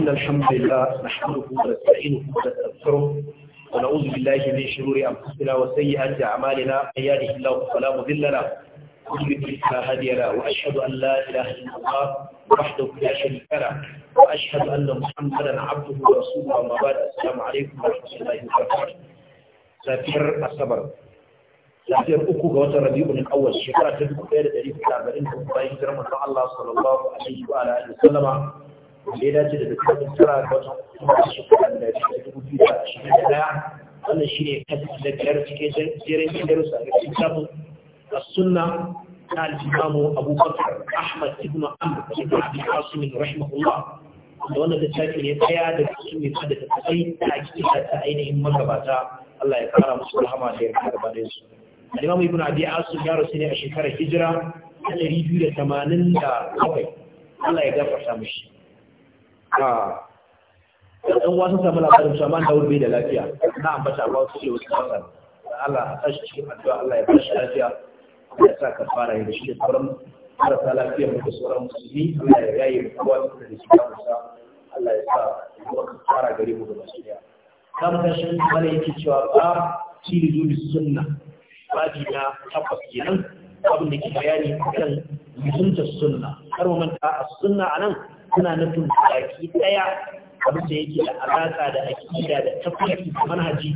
إن الحمد لله نحمده ونستعينه ونستغفره ونعوذ بالله من شرور أنفسنا وسيئات أعمالنا من يهده الله فلا مضل له ومن يضلل فلا هادي له وأشهد أن لا إله إلا الله وحده لا شريك له وأشهد أن محمدا عبده ورسوله أما بعد السلام عليكم ورحمة الله وبركاته سافر الصبر lafiyar uku ga watan rabi'un al-awwal shekara ta 1440 الله girman الله sallallahu alaihi wa alihi wa وسلم لأجل تكون السراب وشكراً لأجل تكون شكراً لأجل تكون شكراً لأجل تكون شكراً لأجل تكون شكراً السنة قال الإمام أبو بكر أحمد بن عمرو بن عبد القاسم رحمه الله وأنا بسألك من يتعيى هذا السنة قد تتعيد تأكيد حتى أين إمام رباتا الله يقرأ مصبوح ما خير كربان رسول الإمام ابن عبد a ah. ɗan wasan samu labarin shaman da wuri da lafiya na ambata ba su ce wasu kansa Allah a tashi cikin addu'a Allah ya tashi lafiya ya sa ka fara yin shi da sauran marasa lafiya da sauran musulmi Allah ya yaye kowa da su da musa Allah ya sa kuma ka fara gari mu da masu ya Kamar ta mutashin mana yake cewa ba cili zubi sunna babi na tabbas kenan abin da ke bayani kan mutunta sunna kar mu manta a sunna anan suna nufin baki daya abin da yake da alaƙa da akida da tafarki da manhaji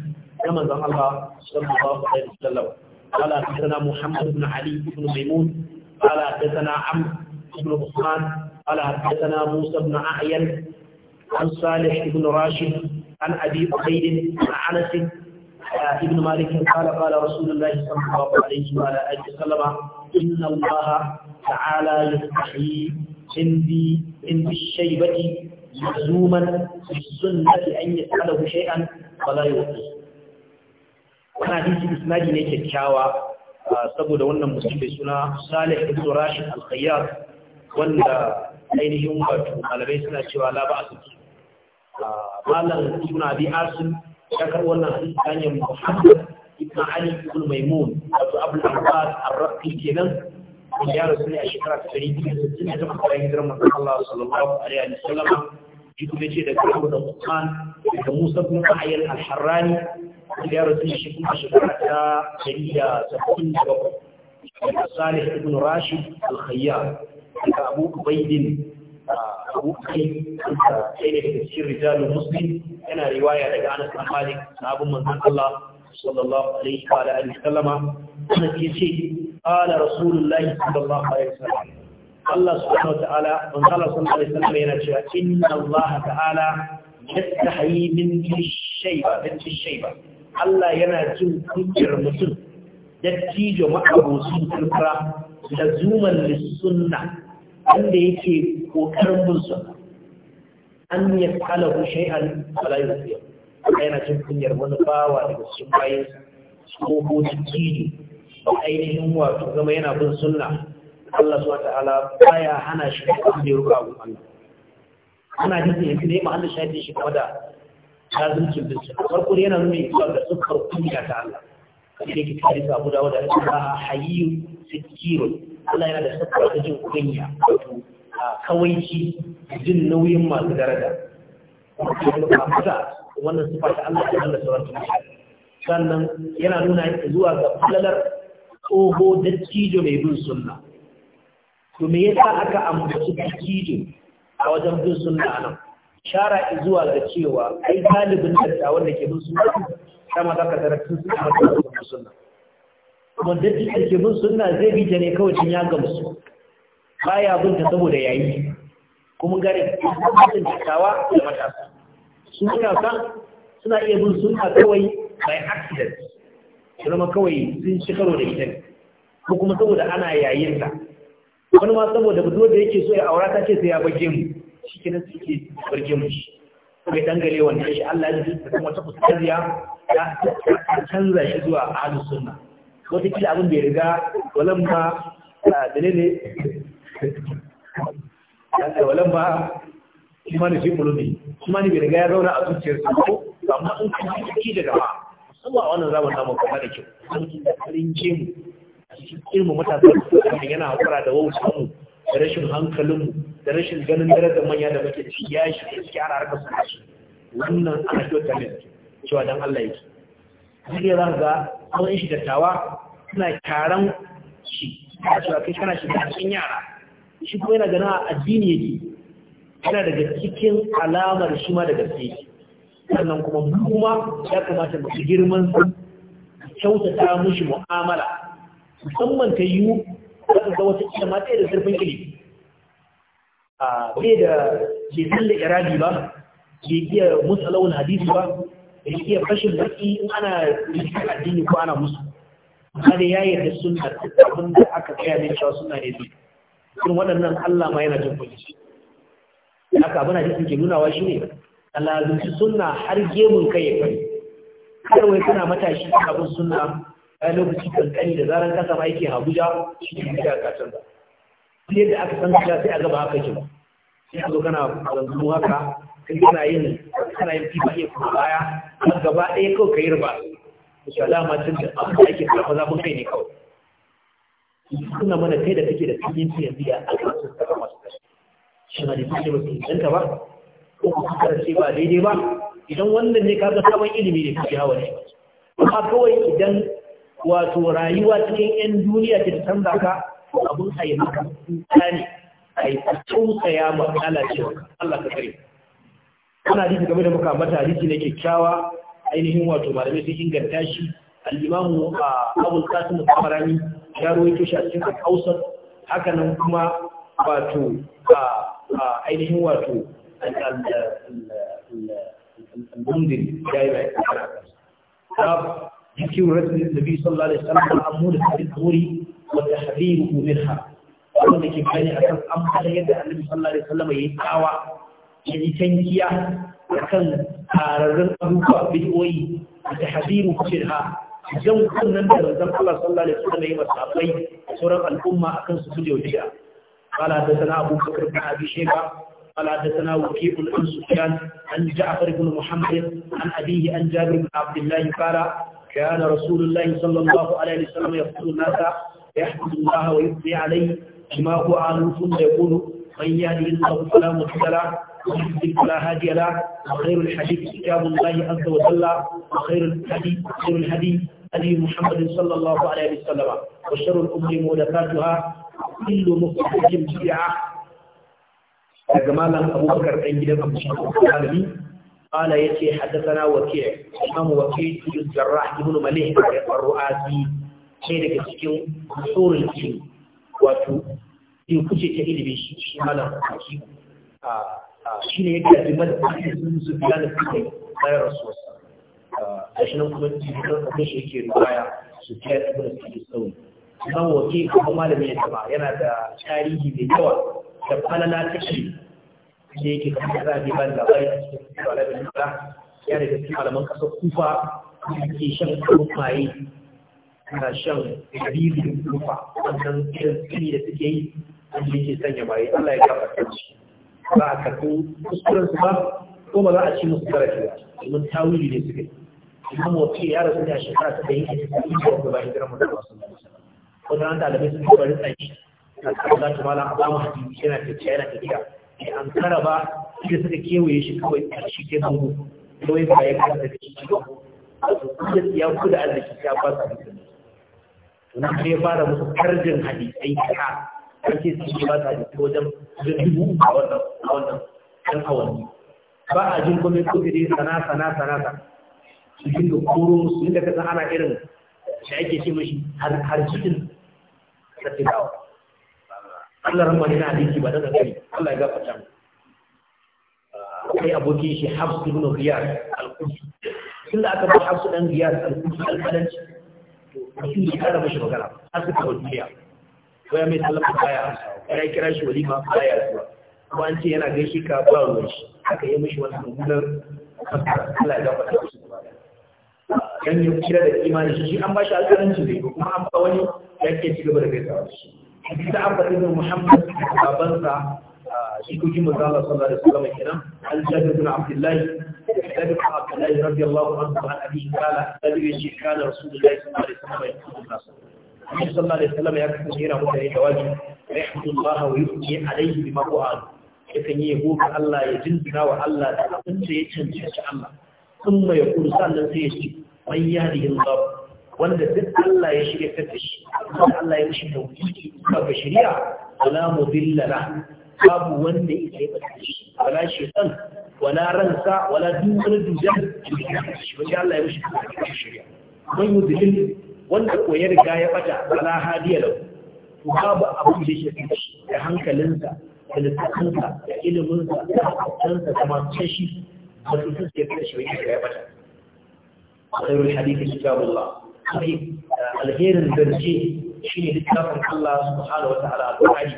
na manzon Allah sallallahu alaihi wasallam قال حدثنا محمد بن علي بن ميمون قال حدثنا عم بن عثمان قال حدثنا موسى بن أعين عن صالح بن راشد عن أبي أبيد عن أنس ابن مالك قال قال رسول الله صلى الله عليه وعلى آله وسلم إن الله تعالى يستحيي عندي عند الشيبة ملزوما بالسنة أن يسأله شيئا فلا يعطيه wani hadisi isnadi ne kyakkyawa saboda wannan mutum mai suna Salih ibn Rashid al-Khayyar wanda ainihin wato malamai suna cewa la ba su malam ibn Abi Asim ya karɓi wannan hadisi ta hanyar Muhammad ibn Ali ibn Maimun wato Abdul Abbas ar kenan ya rasu ne a shekara ta ɗari biyu da sittin da takwas bayan hijirar manzon Allah sallallahu alaihi wa sallam shi kuma ce da Abu da Usman da Musa bin Ayyad al-Harrani ya rasu ne shi kuma shekara ta ɗari da saba'in da bakwai da Salih ibn Rashid al-Khayyar da Abu Ubaidin Abu Kai da ɗaya ne daga cikin rijalu Muslim yana riwaya daga Anas bin Malik sahabin manzon Allah sallallahu alaihi wa alihi wa sallama wannan yace qala rasulullahi sallallahu alaihi wasallam Allah subhanahu wataala sallallahu alaihi wasallam yana cewa inna Allah ta'ala yastahi min shayba min shayba Allah yana jin kunyar mutum dattijo ma'abocin turkura da zuman lissunna wanda yake kokarin bin sunna an ya kala ku shay'an fala yana jin kunyar wani bawa daga ko bayan tsoho dattijo ainihin wato zama yana bin sunna Allah su wata'ala baya hana shi da abin da ya ruka abin Allah ana ji yanzu ne ma'an da shafi shi kuma da tazuncin bin sunna farko yana nuna zuwa ga sukar kunya ta Allah kamar yake tare su abu dawo da rikin ba hayiyu sikirun Allah yana da sukar da jin kunya wato kawaici jin nauyin masu daraja wannan sifar da Allah ya Allah sauran sannan yana nuna zuwa ga kullalar tsoho dattijo mai bin suna. Ku me yasa aka ambaci dattijo a wajen bin suna nan? shara zuwa ga cewa ai galibin dattawa da ke bin sunna sama za ka tarar suna suna wajen bin suna. kuma dattijo ke bin sunna zai bi ta ne kawai cin ya gamsu baya bin ta saboda yayi kuma gare sun dattawa da matasa su suna iya bin sunna kawai by accident ya zama kawai sun ci karo da ita ko kuma saboda ana yayin ta wani ma saboda budo da yake so ya aura ta ce sai ya bage mu shi kenan suke barge mu shi kai dangale wannan shi Allah ya ji da kuma ta fuskariya ya canza shi zuwa ahlus sunna wata kila abin bai riga walan ba ne da walan ba imani fi kuma ne bai riga ya zauna a zuciyarsa ko amma in kan da gaba musamman a wannan zamanin namu kuma da kyau sarkin da karin mu a cikin ilmu matasa da yana hakura da wauta mu da rashin hankalinmu da rashin ganin darajar manya da muke shi ya shi gaskiya ana harkar su wannan ana kyauta ne cewa dan Allah yake duk da ga an shi dattawa suna taron shi a cewa kai kana shiga cikin yara shi kuma yana gana addini yake yana daga cikin alamar shi ma da gaske sannan kuma kuma ya kamata mu girman su kyautata mushi mu'amala musamman ta yi zaka ga wata kila mata da zurfin ilimi a bai da ke tsalle iradi ba ke iya musa launin hadisi ba da ke iya fashin baki in ana rikin addini ko ana musu kada ya yarda suna abin da aka kaya min cewa suna ne zai Sun waɗannan allah ma yana jin kwanci haka abin da ke nunawa shi ne ka suna sunna har gemun kai ya fari kada wai kana matashi kana bin sunna a lokaci kankani da zaran kasa ma yake Abuja shi ne gida ba Su yadda aka san ka sai a gaba haka ke ba sai ka zo kana zanzu haka kai kana yin kana yin fifa iya kuma baya a gaba ɗaya kawai ka yi riba insha Allah ma tun da abin da ake karɓa zafin kai ne kawai suna mana kai da kake da cikin yanzu ya aka sun taɓa masu kashi shi na da ba su inganta ba ko ku ba daidai ba idan wannan ne kaga sabon ilimi ne kaji hawa ne amma kawai idan wato rayuwa cikin yan duniya ta canza ka abun a yi maka kuka ne a yi ma lalacewa Allah ka kare ana hadisi game da muka mata hadisi ne kyakkyawa ainihin wato malamai sun inganta shi al-imamu abul qasim al-tabarani ya rawaito shi a cikin al-awsat haka nan kuma wato ainihin wato المنذري جايب باب ذكر النبي صلى الله عليه وسلم عمودة الأمور وتحذيره منها wanda da bayani a kan amfani yadda annabi sallallahu alaihi wasallam ya yi ya yi tankiya a kan tararrun abubuwa bid'o'i da hadiru kushin ha kunnan da razan Allah sallallahu alaihi wasallam ya yi masafai sauran al'umma akan su su da yau qala hadathana abu bakr bin abi shayba قال حدثنا وكيع عن سفيان عن جعفر بن محمد عن أبيه عن جابر بن عبد الله قال كان رسول الله صلى الله عليه وسلم يقول الناس يحمد الله ويثني عليه بما هو أهل ثم يقول من يهدي الله فلا مضل له ومن فلا هادي له وخير الحديث كتاب الله عز وجل وخير الهدي خير الهدي هدي محمد صلى الله عليه وسلم وشر الأمور محدثاتها كل محدثة بدعة daga malam abubakar ɗan gidan abu shi malami قال يتي حدثنا وكيع إمام وكيع بن الجراح بن مليح الرؤاسي شيء لك سكين قصور الكيو واتو إن كنت تأيد بشي شمالا وكيو شين يكلا بمدى أحسن سبيان الكيو لا يرسوس عشان نقوم بشي يكي رواية سبيان ابن الكيو السوي إمام وكيع هو مالا من يتبع ينا دا تاريخي بجوال da falala take ne ke kan da zafi ban da bai a cikin kuma da nuna ya daga cikin alaman kasar kufa ke shan kurfaye na shan ribin kufa wannan irin tsiri da suke yi wanda ke sanya maye Allah ya gafarta shi ba a karɓi kuskuren su ba ko ba za a ci musu karafi ba domin tawili ne suke imam wakil ya rasu ne a shekara ta yi a cikin da ba hijirar mutum ba su ne wanda an dalibai sun fi bari tsaki za ta mala abu mahdi yana tafiya Da tafiya bai an kara ba sai suka kewaye shi kawai a shi ke zango kawai ba ya kara da shi ba da ya ku da arziki ya ba su hadisi na kai fara musu karjin hadisai ka ake su ba su hadisi wajen dubu a wannan a wannan ɗan awanni ba a jin kome kuɗi dai sana sana sana ta. su dinga koro su dinga kasan ana irin da ake ce mashi har cikin tattalawa Allah rahma ne na hadisi ba da kai Allah ya gafarta mu akwai abokin shi Hafs ibn Riyad al-Qusi tun da aka ba Hafs dan Riyad al-Qusi al-Falanci to mutum ya kara mishi magana har suka wa duniya ko ya mai sallama baya amsa ya kira shi walima baya zuwa kuma an ce yana gaishe ka ba ruwan shi aka yi mishi wani mummunar Allah ya gafarta mishi dan ya kira da imani shi an ba shi alƙalanci ne kuma an ba wani ya ke ci gaba da gaisawa shi ta abba ibn muhammad babansa jikokin manzo Allah sallallahu alaihi wasallam kenan an jabir ibn abdullah jabir ibn abdullah radiyallahu anhu an abi qala jabir yace kana rasulullah sallallahu alaihi wasallam yaqulu nas Nabi sallallahu alaihi wasallam ya kasance yana mutane jawabi rahmatullah wa yu'ti alaihi bima qala yakan yi yabo ga Allah ya jinjina wa Allah da abin da ya cancanci Allah kuma ya kuru sannan sai ya ce man yahdihi Allah wanda duk Allah ya shirya ta shi Allah ya mishi da wuce ba ga shirya wala mudilla la babu wanda ya yake ba shi wala san wala ransa wala duk wani dujan wani Allah ya mishi da shirya man yudlil wanda ko ya riga ya bata wala hadiya lahu ku babu abu da shi da hankalinsa da lissafinsa da iliminsa da hankalinsa da masu shi ba su suke kashe wani ya bata خير الحديث كتاب الله آه، الغير البرجي شيء ذكر الله سبحانه وتعالى بعدي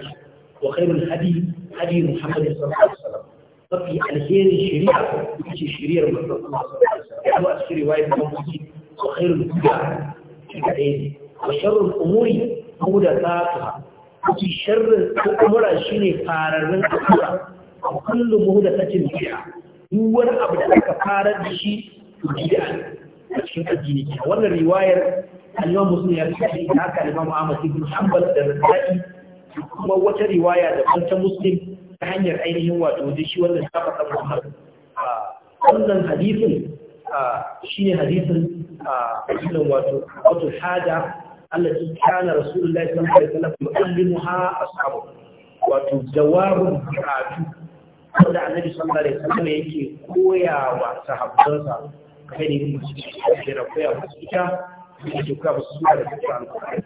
وخير الحديث حديث محمد صلى الله عليه وسلم طبي الغير الشريعة مش الشريعة من الله صلى الله عليه وسلم يعني رواية مصري وخير الدنيا شيء وشر الأمور مودة ذاتها مش شر الأمور شيء فارغ الأمور وكل مودة تجمعها هو أبدا كفارغ شيء a cikin addini ke wannan riwayar al-Imam Muslim ya rike da haka Imam Ahmad ibn Hanbal da Nasa'i kuma wata riwaya da banta Muslim ta hanyar ainihin wato da shi wannan safa ta Muhammad wannan hadisin shine hadisin hadisin wato wato hada التي كان رسول الله صلى الله عليه وسلم يعلمها أصحابه وتجواب حاجه wanda annabi sallallahu alaihi wasallam yake koyawa sahabbansa ainihin masu cikin da koya masu ita da ke koya masu suna da kusa alkuwari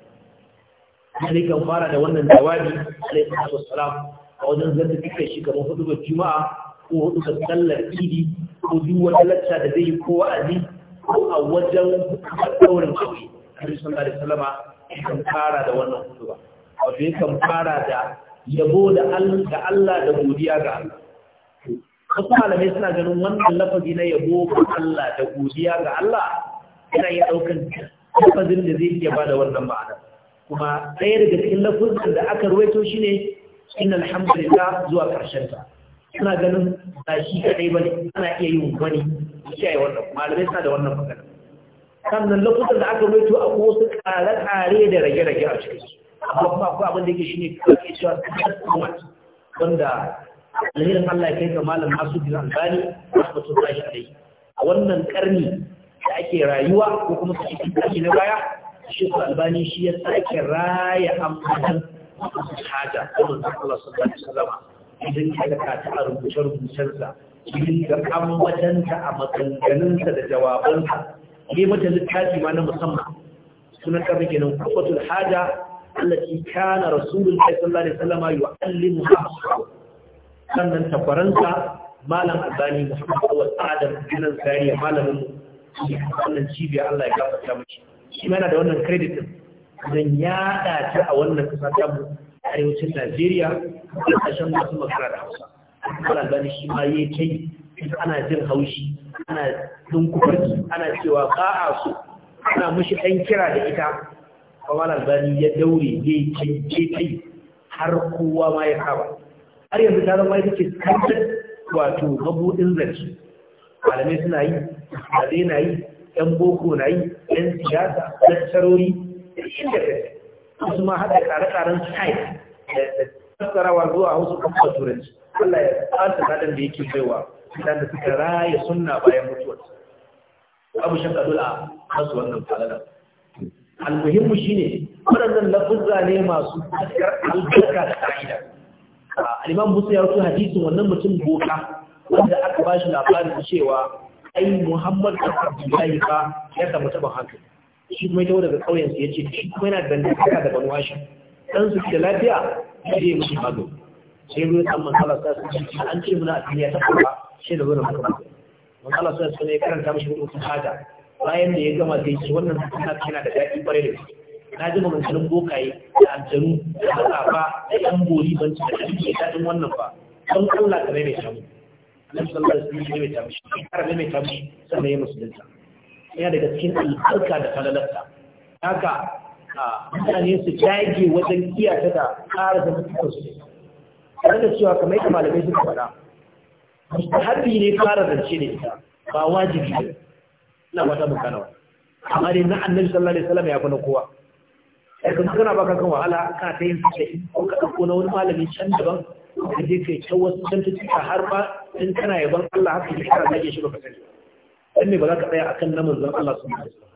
sai kan fara da wannan jawabi alaihi salatu wassalam a wajen zanta duka shi kamar hudu ga juma'a ko hudu ga tsallar idi ko duk wata lacca da zai yi ko wa'azi ko a wajen daurin kauye alaihi salatu wassalama kan fara da wannan hudu ba wato yakan fara da yabo da Allah da godiya ga Allah wasu malamai suna ganin wannan lafazi na yabo ga Allah da godiya ga Allah yana yin daukan lafazin da zai iya bada wannan ma'ana kuma ɗaya daga cikin lafazin da aka ruwaito shine inna alhamdulillah zuwa karshen ta suna ganin ba shi kadai bane ana iya yin wani shi ayi wannan malamai suna da wannan magana sannan lafazin da aka ruwaito a wasu kare-kare da rage-rage a cikin su amma kuma akwai abin da yake shine kake cewa wanda alherin Allah ya kai ga malam nasu bin albani rahmatun tashi alai a wannan karni da ake rayuwa ko kuma su cikin karni na baya shi ko albani shi ya sake raya amfani hada kuma da Allah subhanahu wa ta'ala idan ka ga ta a rubuce rubucensa idan ga ambatanta a maganganunsa da jawabansa ne mata littafi ma na musamman sunan kafa kenan kufatul hada allati kana rasulullahi sallallahu alaihi wasallam yu'allimu ashabahu sannan tafaransa malam albani muhammad awal adam kanan zariya malamin mu. wannan cibiya allah ya gafarta mashi shi mana da wannan credit don ya a wannan kasa ta mu arewacin najeriya da ƙarshen masu makara da hausa malam albani shi ma ya kai ana jin haushi ana dunkufarki ana cewa ba a so ana mushi ɗan kira da ita malam albani ya daure ya yi har kowa ma ya kaba har yanzu ta zama ita ce wato mabuɗin zance malamai suna yi malamai na yi yan boko na yi yan siyasa lakcarori inda ka wasu ma haɗa ƙare-ƙaren skype da tattarawa zuwa hausa kuma turanci Allah ya tsanta ladan da yake baiwa idan da suka raya sunna bayan mutuwar. abu shakka dole a masu wannan falalar almuhimmu shine waɗannan lafuzza ne masu albarka da ƙa'ida alimam imam musa ya rufu hadisin wannan mutum boka wanda aka ba shi labarin cewa ai muhammad da abdullahi ba ya samu taɓa hankali shi kuma ya daga ƙauyensu ya ce shi kuma yana dangantaka da banu hashim dan su ke lafiya ya je musu mago sai ne san manzala sa su ce an ce muna a duniya ta kuma shi da wurin kuma manzala sa su ne karanta mashi hudu sun hada bayan da ya gama da shi wannan suna yana da daɗi ƙwarai da gaske na ji maganganun bokaye da aljanu da matsafa da yan gori ban ci da ke daɗin wannan ba don Allah ka maimaita mu annabi sallallahu alaihi wasallam maimaita mu shi kar maimaita mu sannan ya musulunta yana daga cikin albarka da falalarsa haka mutane su dage wajen kiyata da ƙara da mutukan su tare da cewa kamar yadda malamai suka faɗa mustahabi ne fara zance da ita ba wajibi ne ina wata bukana wani amma dai na annabi sallallahu alaihi wasallam ya kuna kowa daga magana ba ka kan wahala kana ta yin sai ko ka ɗauko na wani malami can daban ka je kai can wasu can ta har ma in kana yaban Allah haka ne kana zage shi ba ka sani dan ne ba za ka tsaya akan na manzon Allah subhanahu ba.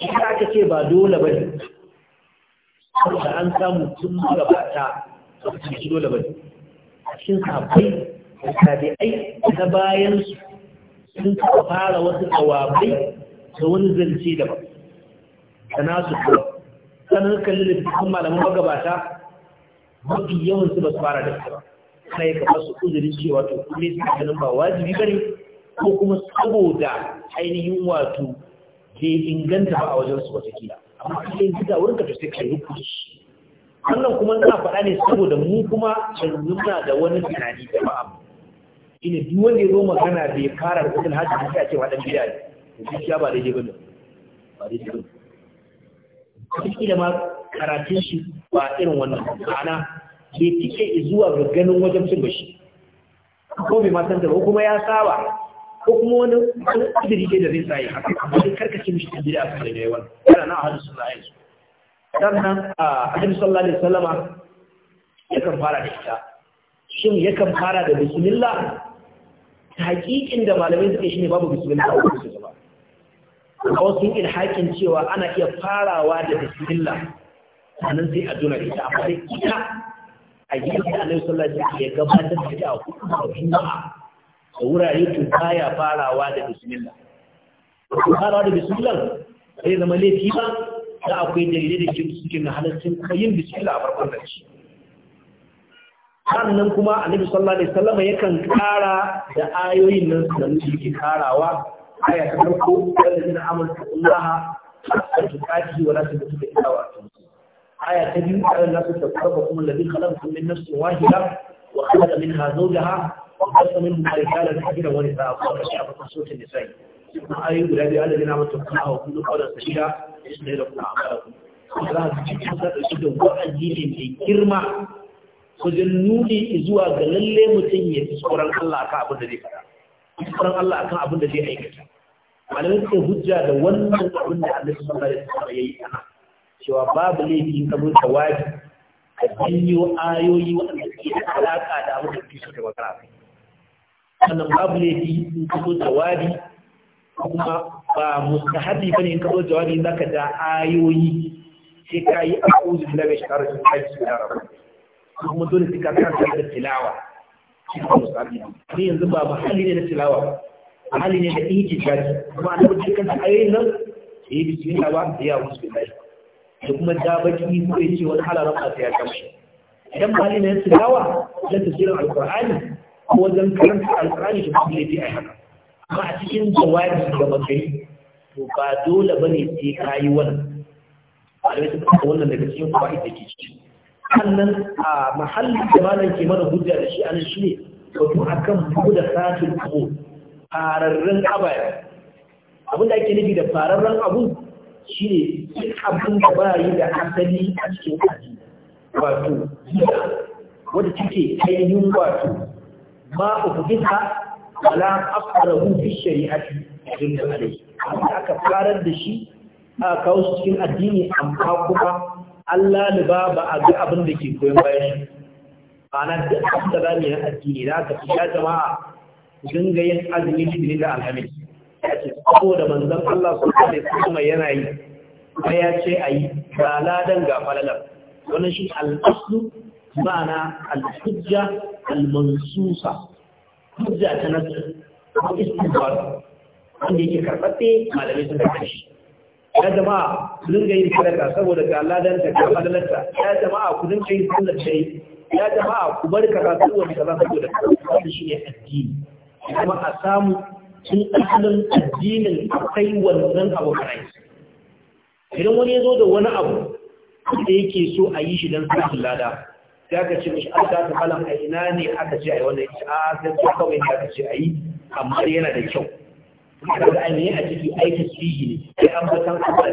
ta'ala idan aka ce ba dole ba ne saboda an samu tun gabata ba su dole ba ne a cikin sabai da tabi'ai na bayan su sun fara wasu tsawabai da wani zance daban da nasu kuma Sanar kalli da cikin malamin magabata mafi yawan su ba su fara da ba kana ya kafa su uzurin cewa to kuma su ganin ba wajibi bane ko kuma saboda ainihin wato ke inganta ba a wajen su kila amma kuma yanzu gida wurin ka to kai ka rubuci wannan kuma ina faɗa ne saboda mu kuma canzu na da wani tunani da ba'a ina duk wanda ya zo magana bai fara wasu hajji da a ce wa dan bid'a ne gaskiya ba daidai bane ba daidai wataƙila ma karatun shi ba irin wannan ma'ana ke tike zuwa ga ganin wajen cin bashi ko bai ma san da ba kuma ya saba ko kuma wani wani ke da zai tsaye wani karkacin shi kan bid'a kan da yawan yana na ahadu sunna ayin su sannan a hadin sallallahu alaihi ya yakan fara da ita shin yakan fara da bismillah hakikin da malamai suke shine babu bismillah a wurin wasu ilhakin cewa ana iya farawa da bismillah sannan sai a duna ita a fara ita a gefe alayhi sallallahu alaihi wasallam ya gabatar da ita a kuma juma'a da wurare to baya farawa da bismillah farawa da bismillah sai zama laifi ba da akwai dalilai da ke suke na halaccin kayin bismillah a farkon da shi sannan kuma annabi sallallahu alaihi wasallam yakan kara da ayoyin nan sannan suke karawa aya ta farko wallazina amanu taqullaha ta tuqatihi wa la tamutunna illa wa antum آية تبين على الناس ربكم الذي خلقكم من نفس واحدة وخلق منها زوجها وخلق منهم رجالا كثيرا ونساء وقال شعب سورة النساء ثم آية الذي الذين آمنوا اتقوا وكل قولا سديدا يصلح لكم أعمالكم Allah ta cikin sarrafa da wa'azi ne mai girma wajen nuni zuwa ga lalle mutum ya fi tsoron Allah akan abin da zai faɗa, tsoron Allah akan abin da zai aikata. malamai hujja da wannan abin da Allah ya yi sana cewa babu laifi in ka zo tawaji a janyo ayoyi waɗanda ke da alaƙa da abin da kake so kai sannan babu laifi in ka zo tawaji kuma ba mustahabi bane in ka zo in zaka da ayoyi sai ka yi a'udhu billahi min shaitanir rajim kai su da rabu kuma dole sai ka karanta da tilawa shi ne musabi ne yanzu ba mahalli ne na tilawa hali ne da iji jaji kuma annabi dukkan sa ayoyin nan yayi bismillah ba ya wuce billahi da kuma dabaki ko ce wani hala rabba ta ya kamshi idan hali ne tilawa da tafsirin alqur'ani ko wajen karanta alqur'ani da kuma yafi ai haka amma a cikin jawabi da magari to ba dole bane sai yi wannan alai ta wannan daga cikin kwa'i da ke ciki sannan a mahallin da malam ke mana hujja da shi anan shine wato akan buɗe satul qubur fararren abar abin da ake nufi da fararren abu shi ne duk abin da ba yi da asali a cikin aji wato gida wadda take ainihin wato ma ufukisa ala afarahu fi shari'ati din da alai da aka farar da shi a kawo su cikin addini amma kuma Allah ni ba ba a ga abin da ke koyon bayan shi na da abin da za mu yi addini za ka fi ya jama'a dinga yin azumi litinin da alhamis ya ce saboda manzon Allah su kare kuma yana yi ba ya ce a yi ba ladan ga falalar Wani shi al'aslu ba al-hujja al-mansusa hujja ta nasu ko istinbar wanda yake karɓaɓɓe malamai sun karɓe shi ya jama'a ku dinga yin sadaka saboda ga ladan ta ga falalarta ya jama'a ku dinga yin sallar ya jama'a ku bar kaza saboda kaza da kaza shi ne addini kuma a samu tun asalin addinin akwai wannan abu karai idan wani ya zo da wani abu da yake so a yi shi don samun lada ya ka ce mashi an ta halar a ina ne aka ce a yi wannan a ah, sai su kawai ne aka ce a yi amma yana da kyau daga ainihin a ciki ai tasbihi ne ai ambatan Allah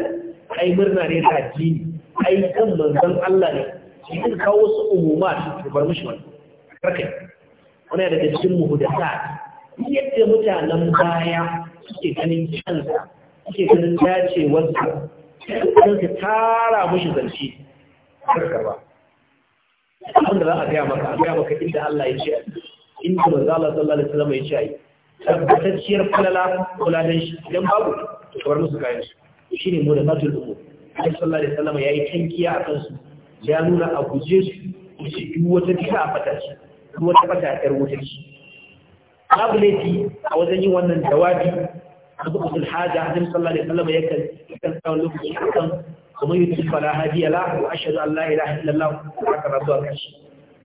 ai murna ne da addini ai kan manzan Allah ne shi kan kawo su umuma su bar mishi wannan karkai wani daga cikin muhudasat yadda mutanen baya suke ganin canza suke ganin dacewarsa don ka tara mashi zarci karka ba abinda za a gaya maka a gaya maka inda Allah ya ce inda manzo Allah sallallahu alaihi wasallam ya ce tabbatacciyar falala kula da shi idan babu to kawar musu kayan su shine mu da fatul ummu Allah sallallahu alaihi wasallam yayi tankiya a kansu ya nuna a guje su shi duk wata a fata shi duk wata fata yar wuta shi babu laifi a wajen yin wannan jawabi a bukutul haja hajjim sallallahu alaihi wasallam ya kan tsawon lokaci kan kuma yi tun fara hadiya la wa ashhadu an la ilaha illallah wa karatu a kashi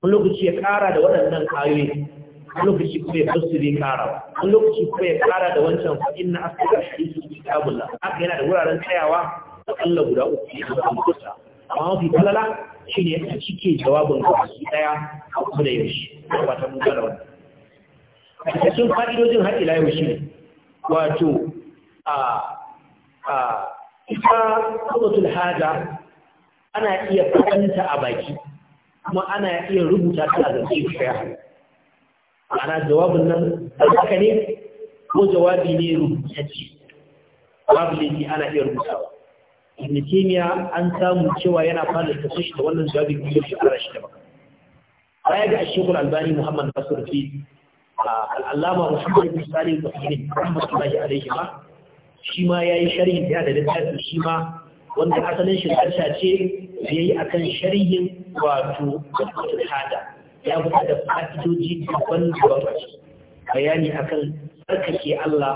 wani lokaci ya kara da waɗannan ayoyi wani lokaci kuma ya fasu bai kara wani lokaci kuma ya kara da wancan fa inna asaka hadithu kitabullah haka yana da wuraren tsayawa da akalla guda uku ne a kusa amma mafi falala shine a cike jawabin ga baki daya a kuma da yaushe ba ta mun gara wannan da fa'idojin har ila yau shi wato a ita qawlatul haja ana iya fadanta a baki kuma ana iya rubuta ta a zance shi ana jawabin nan haka ne ko jawabi ne rubutacce ne laifi ana iya rubutawa ibn taymiya an samu cewa yana fara tafi shi da wannan jawabi ko shi ara shi da baka baya ga shekul albani muhammad nasir fi al'allama musamman misali da filin rahmatullahi alaihi ba shi ma ya yi sharhin ya da littafi shi ma wanda asalin shi ce da ya yi a kan sharhin wato kwakwata hada ya fita da fa'idoji daban daban bayani a kan tsarkake Allah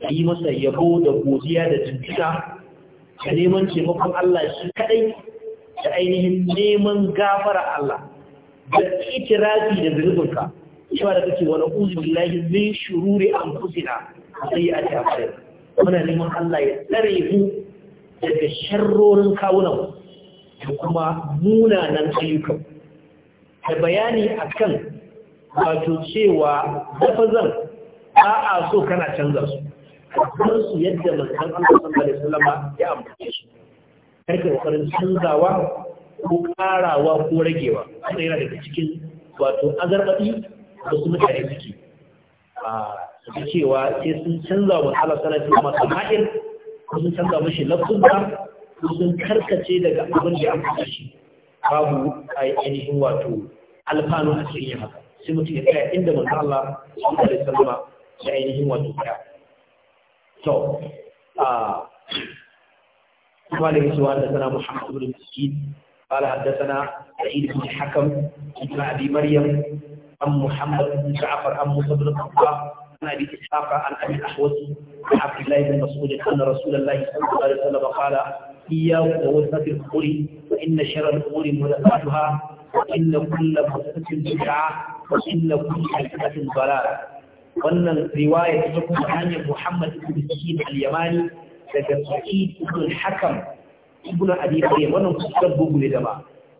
da yi masa yabo da godiya da jinjina da neman taimakon Allah shi kadai da ainihin neman gafara Allah da itirafi da zunubinka cewa da kake wani uzu billahi min shururi anfusina sai a ta muna neman Allah ya tsare mu daga sharrorin kawunan da kuma munanan ayyukan da bayani akan wato cewa lafazan ba a so kana canza su kamar su yadda manzon Allah sallallahu alaihi wasallam ya amfani su karka kokarin canzawa ko karawa ko ragewa wannan yana daga cikin wato azarbaɗi wasu mutane suke a suka cewa sai sun canza wa ala salafi masu ma'ir ko sun canza mashi lafsun ba ko sun karkace daga abin da aka shi babu ainihin wato alfanu a cikin yin haka sai mutum ya tsaya inda manzo Allah sallallahu alaihi wasallam da ainihin wato tsaya to a قال يسوع حدثنا محمد ba مسكين قال حدثنا سعيد بن hakan عن ابي مريم am muhammad bin ja'far am musa bin qaf an abi ishaq an abi ahwas an abdullah bin mas'ud anna rasulullah sallallahu alaihi wasallam qala iya wa wasati al-quri wa inna shara al-quri mudaqatuha wa inna kull mudaqatin bid'a wa inna kull bid'atin dalal wannan riwaya ta kuma hanyar muhammad bin sahib al-yamani daga sa'id ibn hakam ibn abi bakr wannan kusurar gugule da ba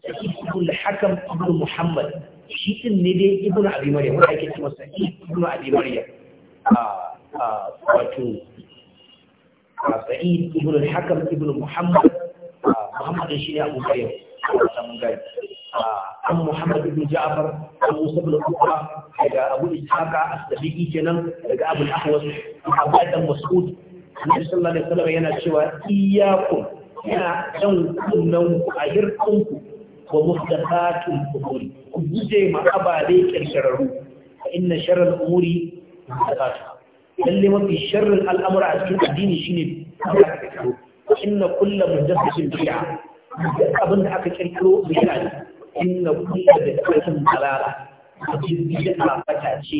sa'id Hakan hakam ibn muhammad shi din ne dai ibnu abi mariya wanda ake cewa sa ibnu abi mariya a a wato a sa'id ibnu al-hakam ibnu muhammad muhammad shi ne abu mariya maryam mun gani an muhammad ibn ja'far an musa ibn ukra daga abu ishaqa as-sabiqi kenan daga abu al-ahwas abu adam mas'ud annabi sallallahu alaihi wasallam yana cewa iyyakum ina dan kunnan ku a hirkunku wa muhdathatul umur ku guje ma ababe abare kirkirarru inna sharral umuri muhdathat lalle mafi sharrin al'amura a cikin addini shine inna kullu muhdathatin bid'a abin da aka kirkiro bid'a ne inna kullu bid'atin dalala a cikin bid'a fata ce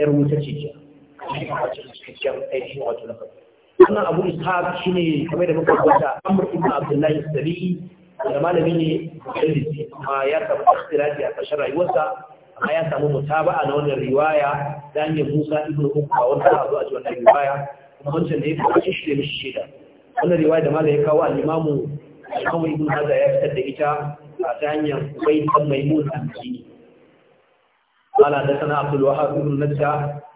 yar wuta ce ce a cikin cikakken aiki wato na farko wannan abu ishaq shine kamar da muka gwada amr ibn abdullahi sabi da malami ne majalisi amma ya samu ikhtilafi a ƙarshen rayuwarsa amma ya samu mutaba'a na wannan riwaya da hanyar Musa ibn Ukba wanda aka zo a ji wannan riwaya kuma wancan da ya fi shi da mishi shaida wannan riwaya da malami ya kawo al-Imamu Imamu Ibn Hajar ya fitar da ita ta hanyar Ubay ibn Maimun al-Madini قال حدثنا عبد الوهاب بن نجى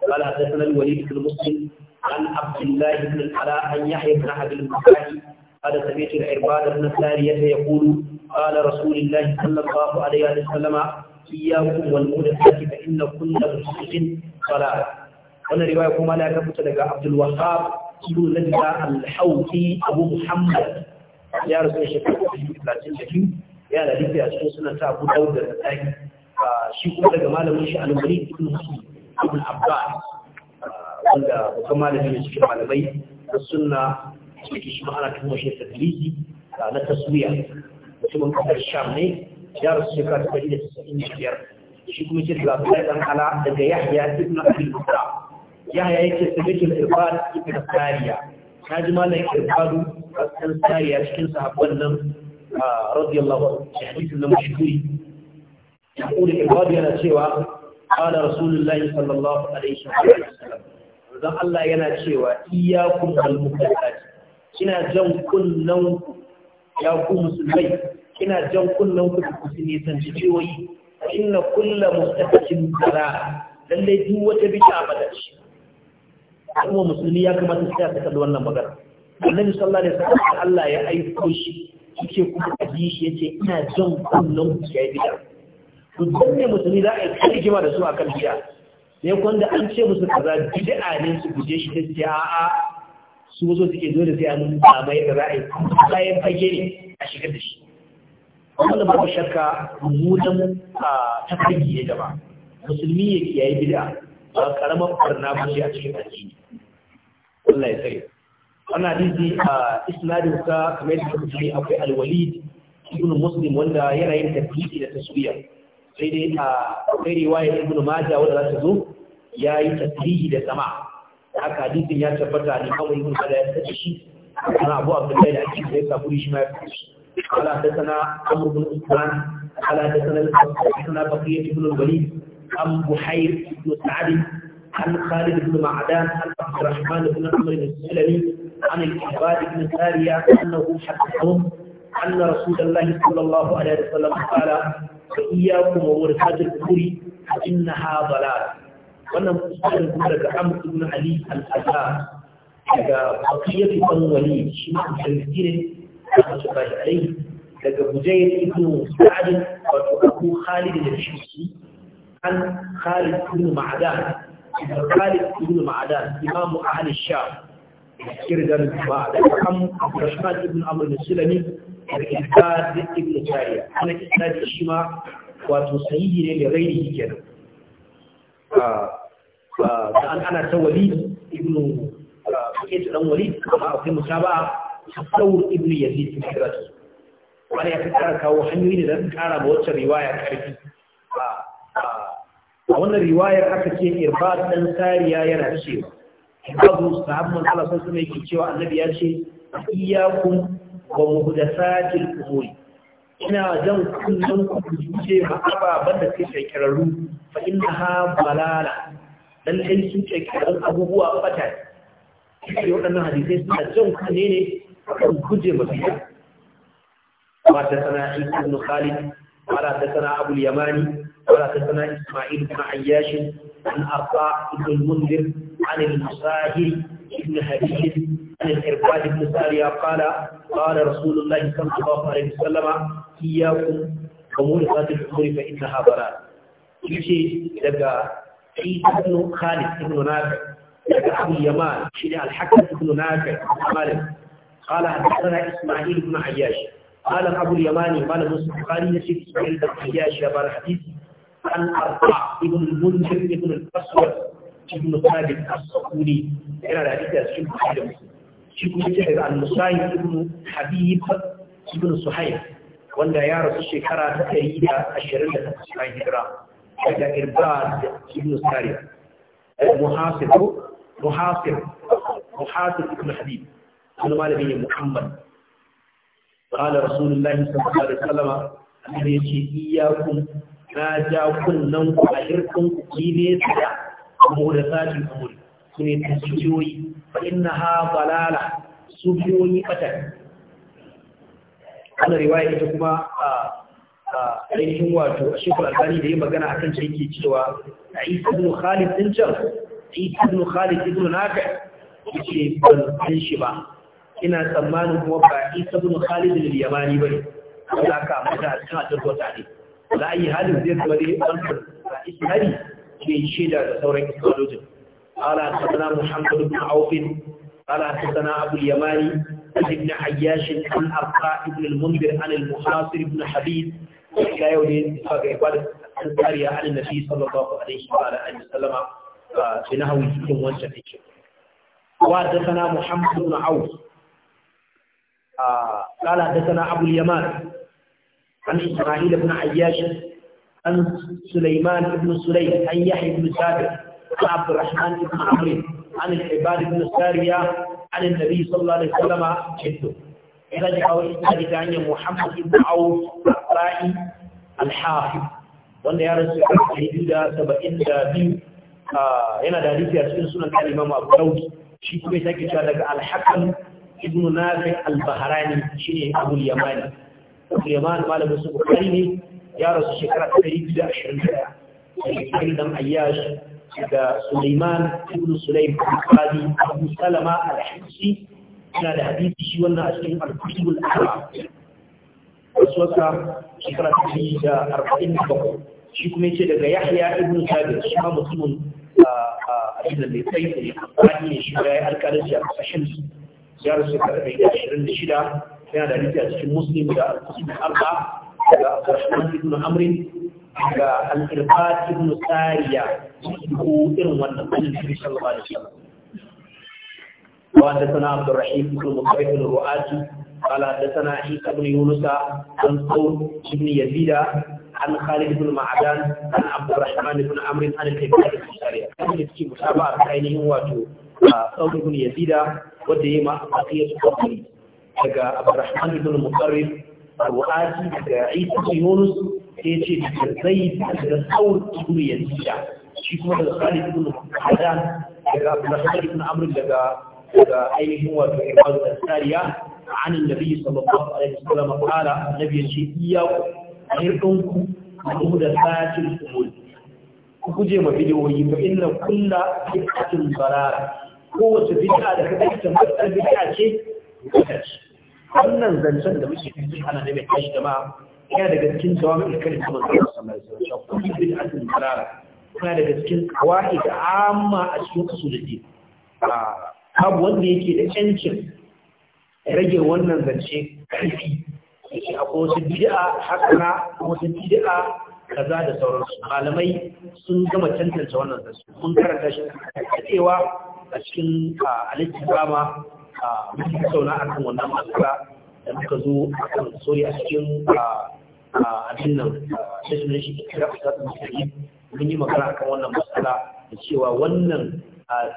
قال حدثنا الوليد بن مسلم عن عبد الله بن العلاء عن يحيى بن عبد المكاري قال سمعت العرباد بن الثانية يقول قال رسول الله صلى الله عليه وسلم إياكم والمودثات فإن كل مسلم صلاة وانا رواية كما لا كفت لك عبد الوهاب ابن لجا الحوثي أبو محمد يا رسول الله شكرا لكن لكن يا لديك يا شيخ سنة أبو داود الرسائي شكرا لك ما لم يشأ الوليد ابن مسلم ابن عباس wanda kuma malamin cikin malamai da sunna yake shi ma ana tuhuma shi da na taswiya mutumin kasar sham ne ya rasu shekara ta ɗari da tasa'in da biyar shi kuma ce daga abdullahi ɗan ala daga yahya ibn abdul musa yahya yake sabiki al-irbad ibn sariya na ji malam a ɗan sariya cikin sahabban nan radiyallahu anhu hadisin na mashhuri يقول الإبراد أنا سوى قال رسول الله صلى الله عليه وسلم إذا الله ينا سوى إياكم والمكلفات kina jan kunnan ya ku musulmai kina jan kunnan ku ku ne san ciwoyi inna kullu mustaqim dara lalle duk wata bid'a madashi kuma musulmi ya kamata su ya kalli wannan magana annabi sallallahu alaihi wasallam Allah ya aiko shi yake kuma aji shi yace ina jan kunnan ku ya bid'a duk ne musulmi da ai yi rigima da su akan bid'a ne da an ce musu kaza bid'a ne su guje shi ta ce a'a su zo suke dole sai an samu yadda za a yi fage ne a shigar da shi wanda ku shakka mu a tafarki ne gaba musulmi ya kiyaye bid'a ba karamar barna ba shi a cikin addini Allah ya tsare Ana hadisi a isnadin sa kamar yadda kuka sani akwai alwalid ibnu ibn muslim wanda yana yin tafsiri da taswiya sai dai a kai riwaya ibn majah wanda za ta zo yayi yi da sama haka hadisin ya tabbata ne kawai mun kada ya tace shi Kana abu abdullahi da ake sai saburi shi ma ya tace shi ala da sana amr bin usman ala da sana sana baqiyat ibn al-walid am buhayr ibn sa'd an khalid ibn ma'dan an abdurrahman ibn amr bin sulami an al-ibad ibn sariya annahu haddathum أن رسول الله صلى الله عليه وسلم قال فإياكم ومرسات الكفر فإنها ضلال wannan kusurin kuma daga amsu na ali al'adha daga bakiyar ibn wali shi ma tafsirin da su bai alai daga bujayr ibn sa'd wato abu khalid da shi an khalid ibn ma'dan khalid ibn ma'dan imam ahli sham kirgan ba da kam abdurrahman ibn amr al-sulami da ikad ibn tariya ana kisa shi ma wato sayyidi ne da gairi kenan da an ana ta wali ibnu ta dan wali amma akwai musaba saur ibnu yazid bin kiratu wani ya kara kawo hanyoyi da zan kara ma wacce riwaya karfi a wannan riwayar aka ce irbad dan sariya yana cewa babu sahabban Allah sallallahu sun wasallam yake cewa annabi ya ce Iyakun wa muhdathatil umuri ina jan kullum ku ba ma ababen da suke kirarru fa inna ha balala lallai su ke kirarrun abubuwa bata ne waɗannan hadisai suna jan kane ne kan guje mafiya ba ta sana ibn khalid sana abu yamani اليماني ta sana isma'il بن عياش an أرقاء ibn المنذر عن المساهل ابن حديث عن الإرباد بن سارية قال قال رسول الله صلى الله عليه وسلم إياكم ذات الأمور فإنها ضلال يجي لقى عيسى بن خالد بن نافع لقى أبو اليمان شنع الحكم بن نافع مالك قال حدثنا إسماعيل بن عياش قال أبو اليماني قال مسلم قال نسيت إسماعيل بن عياش يا بار حديث عن أربع ابن المنذر ابن الأسود ibn Thabit as-Sakuni yana da hadisi a cikin Bukhari da Muslim shi kuma yake daga al-Musayyib ibn Habib ibn Suhayb wanda ya rasu shekara ta ɗari da ashirin da takwas bayan hijira daga Irbad ibn Sariya muhasib muhasib muhasib ibn Habib wani malami ne Muhammad قال رسول الله صلى الله عليه وسلم أن يشي إياكم ما جاكم نوم أجركم كيني سلام muhdathatul umur sune tasbiyoyi fa innaha balala sufiyoyi fatan Ana riwaya ita kuma a ainihin wato a shekul albani da yi magana akan shi yake cewa a isa ibn khalid din can isa ibn khalid ibn naka ce ban san shi ba ina tsammanin kuma ba isa ibn khalid al yamani bane saboda haka mata a cikin addu'a ta ne la ayi halin zai kuma dai ban san isa hari ke shida da sauran islamojin ala haddana muhammad ibn auf ala haddana abu yamani ibn ayyash an arqa ibn al-mundir an al-muhasir ibn habib ila yau ne ta ga ibada an tsariya an nabi sallallahu alaihi wa alihi wasallama fi nahwi cikin wancan take wa haddana muhammad ibn auf قال حدثنا أبو اليمان عن إسماعيل بن عياش عن سليمان بن سليم عن يحيى بن سابر عبد الرحمن بن عمرو عن العباد بن سارية عن النبي صلى الله عليه وسلم جده رجع ذلك عن محمد بن عوف الحافظ وان يا رسول الله حديد سبع ان دابين آه، هنا دابين في أسفل سنة الإمام أبو داود شكو بيساكي شادك الحكم ابن نافع البحراني شيني أبو اليماني أبو اليمان مالك سبو يا رسول شكرت سيدة شرمها أيضاً أياش إذا سليمان ابن سليم القاضي أبو سلمة الحمسي إن الحديث شوالنا أسلم الكتب الأحرام رسولك شكرت سيدة أربعين بقر شكو ميشي لغا يحيى ابن سابر شما مطمون آه، آه، أجل البيتين الحمسي شبراي الكارسي الحمسي يا رسول شكرت سيدة شرمها كان الحديث مسلم إلى الكتب الأربعين daga Abdurrahman ibn Amr daga Al-Irbat ibn Sariya ko irin wannan annabi sallallahu alaihi wasallam wanda sana Abdurrahim ibn Musayyib al-Ru'ati قال حدثنا عيسى بن يونس عن ثور بن يزيد عن خالد بن معدان عن عبد الرحمن بن عمرو عن الحباب الانصاري كان في متابعه عينه واتو ثور بن يزيد ودي ما بقيه القرطبي daga Abdurrahman ibn Muqarrib ru'ati daga Isa Yunus ya ce daga Zaid daga Saul ibn Yazid shi kuma daga Khalid ibn Hadan daga Abdullah ibn Amr daga daga ainihin wato Ibn Sariya an annabi sallallahu alaihi wasallam qala annabi ce iyaku ayyukanku ku da satil umul ku guje ma bidiyoyi fa inna kullu katin dalala kowace bid'a da kake ta matsar bid'a ce bid'a ce wannan zancen da muke cikin ana da mai kashi jama'a yana daga cikin jawabin kalin kuma zai samu zai kuma bin asin tarara yana daga cikin kawai da amma a cikin kasu da ke abu wanda yake da cancin rage wannan zance karfi yake akwai wasu bid'a hasana wasu bid'a kaza da sauransu malamai sun gama tantance wannan zance mun karanta shi a cikin a cikin a muka zauna a kan wannan matsala da muka zo a kan soyi a cikin abin nan shirin shi kira a sassan musulmi mun yi magana a kan wannan matsala da cewa wannan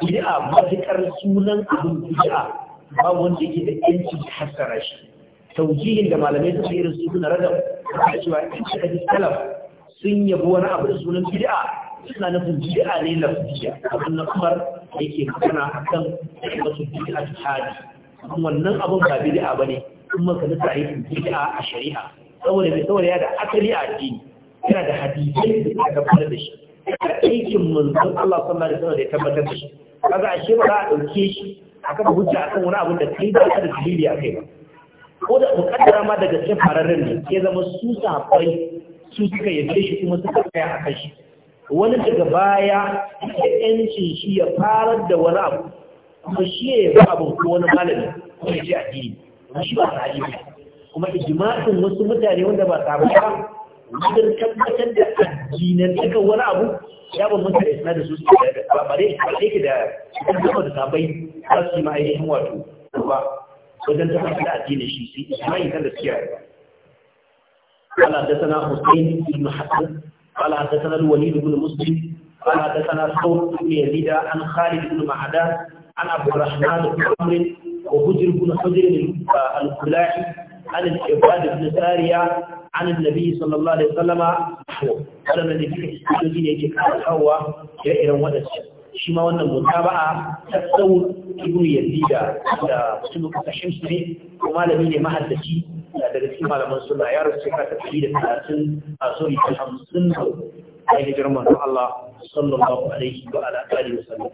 bid'a matukar sunan abin bid'a ba wanda yake da yanci hasara shi taujihin da malamai suka irin su suna radam da cewa in shi kaji salaf sun yabo wani abu da sunan bid'a suna nufin bid'a ne lafiya abin na umar yake magana a kan wasu bid'a jihadi wannan abun ba bid'a ba ne kuma ka nasa yi bid'a a shari'a saboda mai saboda ya da asali a addini yana da hadisai da suka tabbatar da shi aikin manzon Allah sallallahu alaihi wasallam ya tabbatar da shi kaga ashe ba za a dauke shi akan hujja akan wani abun da kai ba ka da dalili a kai ba ko da kaddara ma daga cikin fararren ne ya zama su sabai su suka yarda shi kuma suka kai a kai shi wani daga baya da yancin shi ya farar da wani abu kuma shi ya yaba abin ko wani malami Kuma ya ce addini kuma shi ba sahabi ba kuma ijma'in wasu mutane wanda ba ta ba wajen tabbatar da addinan daga wani abu ya ba mun da isna da su ba ba dai ba dai da zama da sabai za su yi ma ainihin wato ba wajen tabbatar da addinin shi sai ijma'in kan da suke rayuwa Allah da sana Hussein ibn Hassan قال حدثنا الوليد بن مسلم قال حدثنا صوت بن يزيد عن خالد بن معدان عن عبد الرحمن بن عمرو وهجر بن حجر الخلاعي عن العباد بن سارية عن النبي صلى الله عليه وسلم قال من الذي يجي يجي كان هو غير ودس shi ma wannan mutaba'a ta sau ibnu yazida da sunan kashin ne kuma malami ne mahaddaci daga cikin malaman suna ya rasu shekara ta ɗari da talatin a sori ta hamsin da ya hijar manzo Allah sallallahu alaihi wa ala alihi wa sallam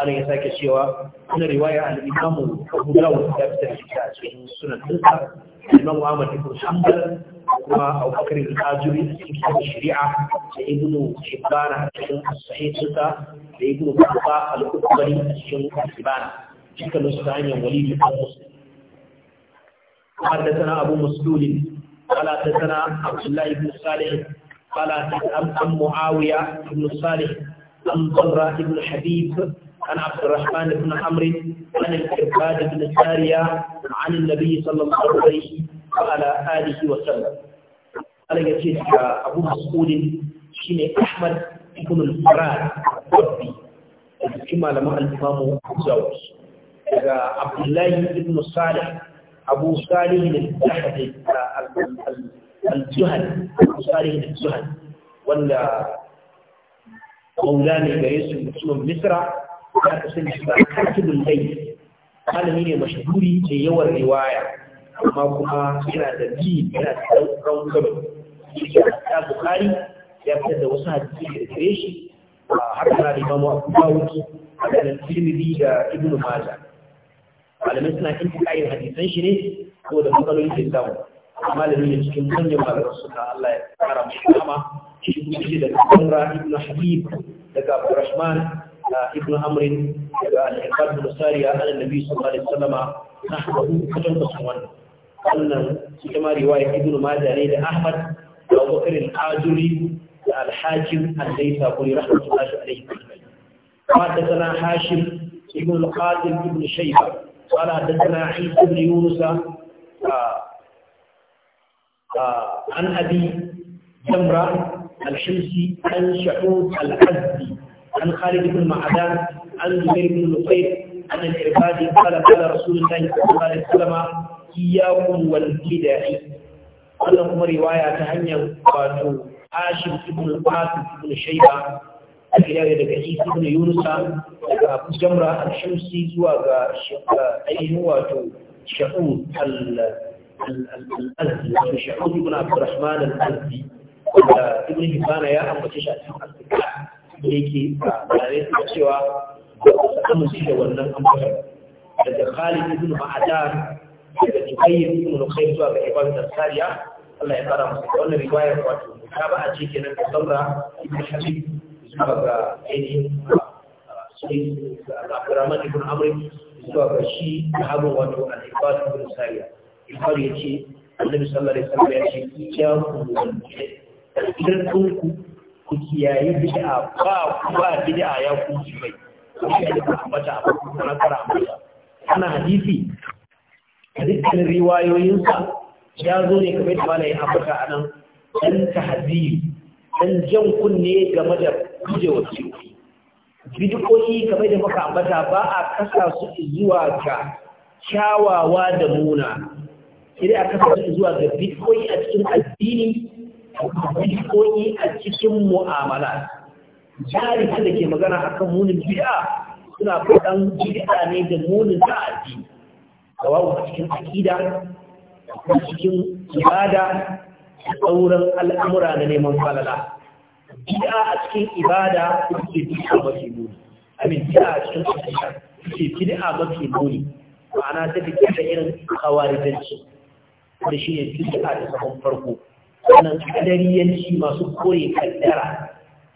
ana ya sake cewa suna riwaya al-imamu Abu Dawud da ta fita a cikin sunan dinsa Imam Ahmad ibn Hanbal kuma Abu Bakr al-Ajuri cikin shari'a da Ibn Hibban cikin sahih da Ibn Bukhari al-Bukhari a cikin Hibban cikin su ta hanyar muslim حدثنا أبو مسلول قال حدثنا عبد الله بن صالح قال ام معاوية بن صالح عن ضرة بن حبيب عن عبد الرحمن بن عمرو عن الكرباد بن سارية عن النبي صلى الله عليه وعلى آله وسلم قال يجيك أبو مسعود شين أحمد بن الفراد ربي كما لما الإمام زوج عبد الله بن صالح abu salih ne da haɗe uh, a al-juhal abu salih ne juhal wanda kaula ne gare su mutumin misra ya ta sun shiga karfinin dai ne mashahuri ce yawan riwaya amma kuma yana da ji yana da ɗaukar gaba shi ke ta bukari ya fitar da wasu hadisi da kare shi a harkar da imamu abu mawuki a ganin tirmidhi da ibn majah malamai suna kin kayan hadisan shi ne ko da matsalolin da samu malami ne cikin manyan malaman suna Allah ya fara mai kama shi kuma shi daga Umra ibn Habib daga Abdurrahman ibn Amr daga Al-Ibad bin Sariya an Annabi sallallahu alaihi wasallam nahwahu katan kasan wannan wannan ita ma riwaya Ibn Majah ne da Ahmad da Abu Bakr al-Ajuri da Al-Hakim al-Laysaburi rahmatullahi alaihi wa sallam حدثنا هاشم ابن القاسم ابن شيبه قال حدثنا عيسى بن يونس عن أبي جمرة الحمصي عن شعوب العزي عن خالد بن معدان عن زهير بن لطيف عن العبادي قال قال رسول الله صلى الله عليه وسلم إياكم والبدع wannan kuma riwaya ta hanyar wato Ashim ibn Qasim ibn Shayba al daga isa ibn yunus daga abu jamra al-shamsi zuwa ga ainihin wato sha'ud al-azdi wato sha'ud ibn abdurrahman al-azdi wanda ibn hibana ya ambace shi a cikin al da da cewa ba a amince da wannan amfani. daga khalid ibn ma'adar daga jubayyar ibn kai zuwa ga ibn tasariya Allah ya fara masa wannan riwayar wato ta ba a ce kenan da samra ibn habib zuwa ga ainihin sai abdurrahman ibn amri zuwa ga shi sahabin wato al-ibad ibn sariya ibad ya ce annabi sallallahu alaihi wasallam ya ce iyakum wal idan ku ku kiyaye bid'a ba ku ba bid'a ya ku ji mai kuma da ku mata a kuma kara mata ana hadisi dukkan riwayoyinsa ya zo ne kamar da malai ambata anan dan tahdid dan jan kunne game da guje wa bidiyoyi kamar da muka ambata ba a kasa su zuwa ga kyawawa da muna sai a kasa su zuwa ga bitkoin a cikin addini bidikoyi a cikin mu'amala jari da ke magana akan munin bid'a suna faɗan bid'a ne da munin ta addini kawawa a cikin akida cikin ibada sauran al'amura na neman falala biya a cikin ibada ce a mafi muni amin biya a cikin ibada ce a mafi muni ma'ana ta fi da irin hawarijanci da shi ne a da sabon farko wannan kadariyanci masu kore kaddara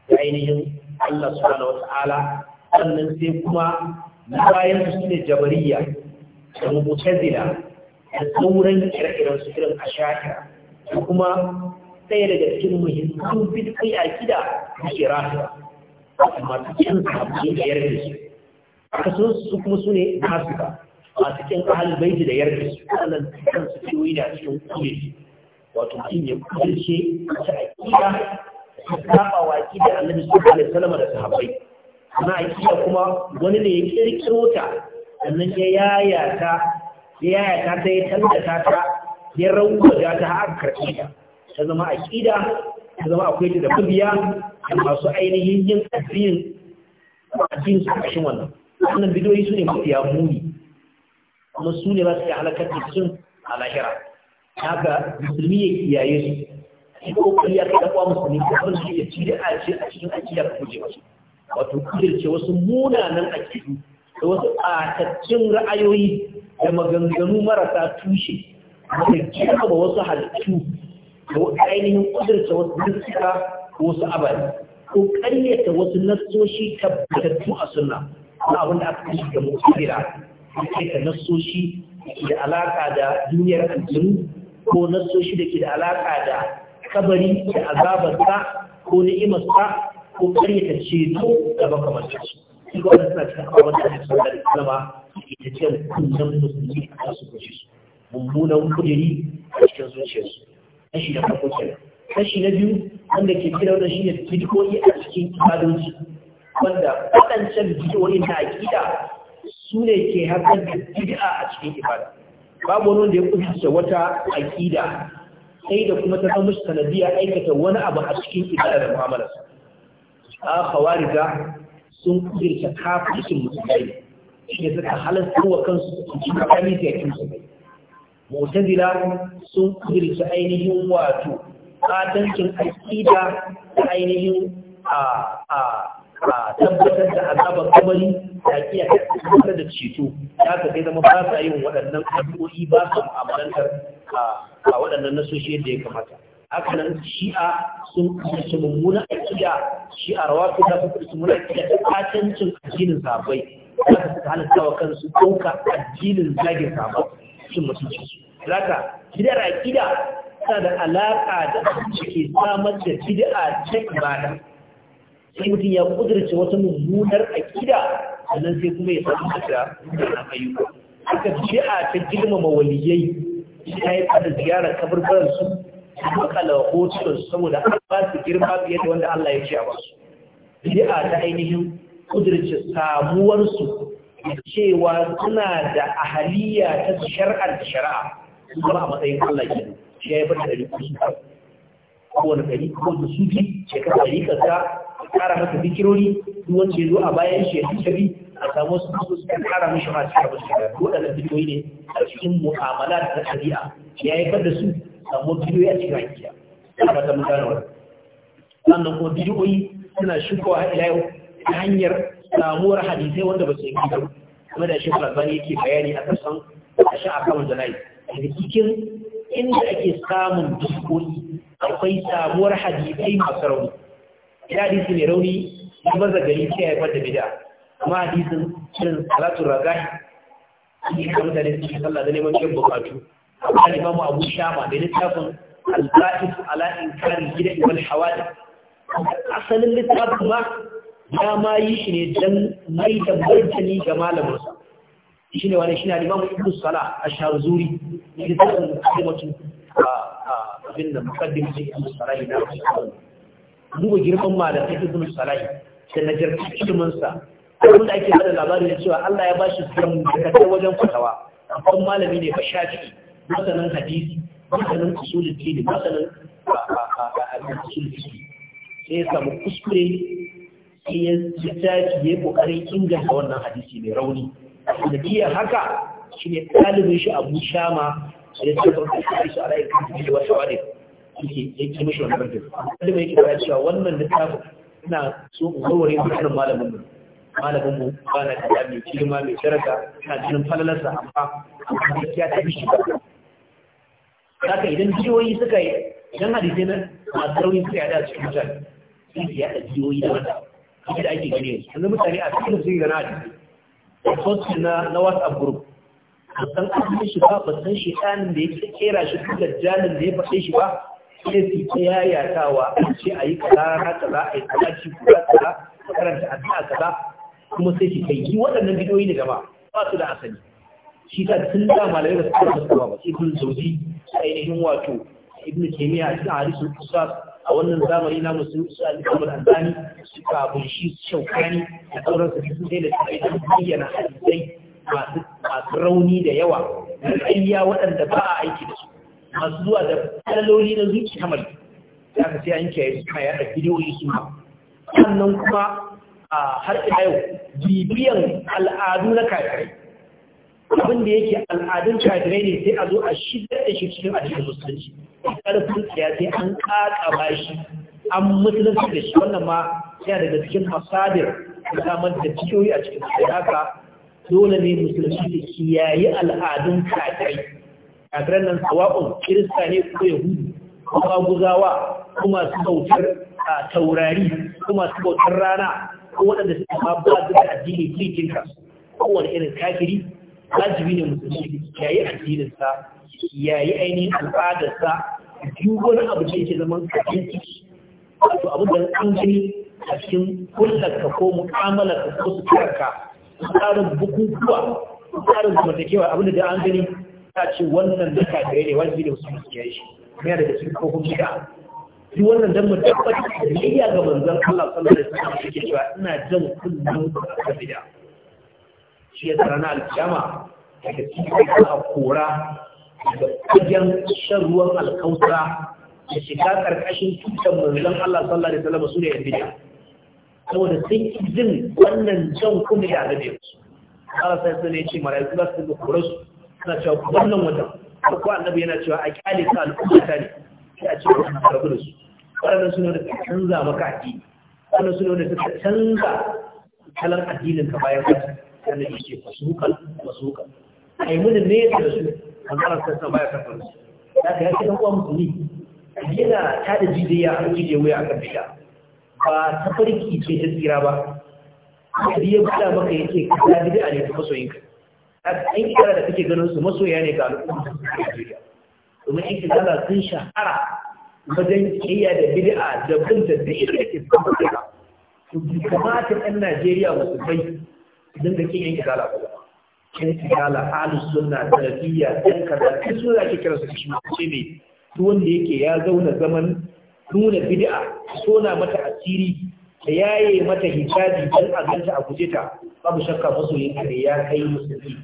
da ainihin Allah subhanahu ala. sannan sai kuma bayan su ne jabariya da mutazila da sauran ire-iren su irin ashaka da kuma ɗaya daga cikin muhimman bid'ai a gida na Iran masu cin sabbin da yarda su aka so su kuma su ne Afirka masu cin ahal baiti da yarda su wannan kan su ce wai da cikin kule wato mutum ya kulce ta da su saba wa a Annabi su alaihi salama da sahabbai na aƙida kuma wani ne ya kirkiro ta sannan ya yayata ya yayata ta ya tallata ta ya rawuwa ta har karɓi ta ta zama aƙida ta zama akwai da kubiya da masu ainihin yin addinin addinin su kashin wannan wannan bidiyoyi su ne mafiya muni kuma su ne ba su yi halakar da a lahira haka musulmi ya kiyaye su a cikin kokari ya kai musulmi ko kan su ya cire a a cikin aƙidar da guje wato kudirce wasu munanan aƙidu da wasu ɓatattun ra'ayoyi da maganganu marasa tushe da girma wasu halittu ko ainihin kudurta wasu nassuka ko wasu abari ko karyata wasu nassoshi tabbatattu a sunna na abin da aka kashe da mutsira ko kaita nassoshi da alaka da duniyar aljinu ko nassoshi da ke da alaka da kabari da azabarsa ko ni'imarsa ko karyata ceto da makamantarsu shi ga wani suna cikin abubuwan da ake sauran islama ita ce kullum musulmi a kasu kashe su mummunan kudiri a cikin zuciyarsu kashi farko kenan kashi na biyu wanda ke kira wannan shine bid'o'i a cikin ibadoji wanda waɗancan bid'o'i na aƙida su ne ke haifar da bid'a a cikin ibada babu wani wanda ya kunshi wata aƙida, sai da kuma ta zama musu sanadiyya aikata wani abu a cikin ibada da mu'amala. a khawarija sun kujirta kafin musulmai shi ne suka halarta wa kansu cikin ya yakin musulmai mu'tazila sun kudurci ainihin wato katancin aƙida da ainihin a tabbatar da azabar kabari da kiya tabbatar da ceto ya ka zama ba sa yin waɗannan addu'o'i ba sa mu'amalantar a waɗannan nasoshi yadda ya kamata Hakanan shi'a sun kusurci mummunan aƙida shi'a rawa su ta kusurci mummunan ta katancin addinin sabai za ka suka wa kansu ɗauka addinin zagin sabai cikin mutunci zaka a gida tana da alaƙa da ke samar da a cikin bada sai mutum ya kudurce wata mummunar gida sannan sai kuma ya samu da mummunan ayyuka haka a ta girmama waliyai ta yi ziyara ziyarar kaburbaran su makala hotunan saboda an ba su girma fiye da wanda Allah ya ce a basu gida ta ainihin kudurce samuwarsu cewa suna da ahaliya ta shari'ar da shari'a sun zama a matsayin Allah ke shi ya bata ɗari kusa kowane gari, ko da sufi shekara ɗari kasa a ƙara masa bikirori, duk wanda ya zo a bayan shi ya fi a samu su su suka ƙara mishi ma cikin abin shekara waɗannan bidiyoyi ne a cikin mu'amala da ta shari'a ya yi da su samu bidiyoyi a cikin hankiya a mata mutanewar sannan kuma bidiyoyi suna shukawa ila yau ta hanyar samuwar hadisai wanda ba su yi kuma kuma da yake bayani a kasan a sha akawun da layi daga cikin inda ake samun dukkoli akwai samuwar hadisai masu rauni ya hadisi mai rauni ya bar gari sai ya haifar da bida kuma hadisin shirin salatu ragahi ne ga mutane suke sallah da neman kyan bukatu akwai imamu abu shama da littafin al-za'ifu ala inkari gida wal hawadith asalin littafin ma ya ma yi shi ne don mai da martani ga malaminsa shi ne wani shi na limamu ibn sala a sharzuri ne da tsarin kalmatin abin da makaddin sai ibn salahi na rasu duba girman ma da malamai ibn salahi da na nagarci iliminsa abin da ake bada labarin da cewa Allah ya ba shi bashi gamdakatar wajen fatawa babban malami ne ba shafi masanin hadisi masanin usulul fiqh masanin usulul fiqh sai ya samu kuskure sai ya tashi ya kokarin inganta wannan hadisi mai rauni da biya haka shi ne ɗalibin shi Abu Shama da ta farko shi shi alai kan da wata wani yake yake mishi wannan barkin ɗalibin yake fara cewa wannan littafin ina so in warware wannan malamin mu malamin mu ba na da mai girma mai daraja ina jinin falalarsa amma gaskiya ta bishi haka idan jiyoyi suka yi idan hadisai na masu rauni suka yada cikin mutane sai su yada jiyoyi da mutane abin da ake gani yanzu yanzu mutane a cikin zai gana a cikin sosai na na whatsapp group a san abin shi ba ba san shi Ɗanin da ya kera shi duk Janin da ya fashe shi ba sai su ta wa a ce a yi kaza na kaza a yi kaza ci kaza kaza a karanta addu'a kaza kuma sai shi kai yi waɗannan bidiyoyi da gaba ba su da asali shi ta tun da malamai da su ba su ba ibn zauzi ainihin wato ibn kemiya a cikin harisun kusa a wannan zamani na musu su alƙamar albani su kabun shi shaukani da sauransu da su da su aikin bayyana hadisai masu rauni da yawa da ƙayya waɗanda ba a aiki da su masu zuwa da kalaloli na zuci kamar ya ka sai an kiyaye su kaya da bidiyoyi su ma sannan kuma har ila yau bibiyan al'adu na kare-kare. abin da yake al'adun kafirai ne sai a zo a shigar da shi cikin addinin musulunci ƙarfin tsaya sai an ba shi an musulunci da shi wannan ma yana daga cikin masadir da samar da cikiyoyi a cikin haka dole ne musulunci da kiyaye al'adun kafirai kafiran nan sawa'un kirista ne ko yahudu ko maguzawa ko masu bautar taurari ko masu bautar rana ko waɗanda suka ba da addini kirkinka kowane irin kafiri wajibi ne musulmi ya yi addininsa ya yi ainihin al'adarsa duk wani abu da yake zaman kafin wato abu da an gani a cikin kullarka ko mu'amalarka ko suturarka tsarin bukukuwa tsarin zamantakewa abin da an gani ta ce wannan da gare ne wajibi ne musulmi ya yi shi kuma da cikin kofin gida duk wannan dan mu tabbatar da biyayya ga manzon Allah sallallahu alaihi wasallam yake cewa ina jin kullum a gida shi ya tsara na alkiyama daga cikin a kora da fagen shan ruwan alkausa da shiga ƙarƙashin cutar manzan Allah sallallahu alaihi wasallam su ne yan bidiya da sun yi jin wannan jan kuma ya rabe su Allah sai sai ne ce mala'iku za su ga kore su suna cewa wannan watan ko annabi yana cewa a kyale ka al'umma ta ne sai a ce wannan karbu da su Wannan suna da canza maka addini wannan suna da canza kalan addinin ka bayan wata kana yake fasukan fasukan ai mun ne da su magana ta ta baya ta faru da ka yake dan uwa musulmi yana ta da jidiya an jide wuya akan bid'a ba ta farki ce ta tsira ba kadi ya bada maka yake ka bid'a ne ta masoyinka an kira da kake ganin su masoya ne ga al'umma domin in kizala sun shahara wajen kiyya da bid'a da bin da da ita da ke sun kamata ɗan Najeriya bai. idan da kin yanki ba kin kiyala halus sunna tarbiyya dan kaza duk da ake kira su shi ce ne duk wanda yake ya zauna zaman nuna bid'a sona mata asiri da yaye mata hijabi dan a ganta a guje ta babu shakka masoyin ka ya kai musulmi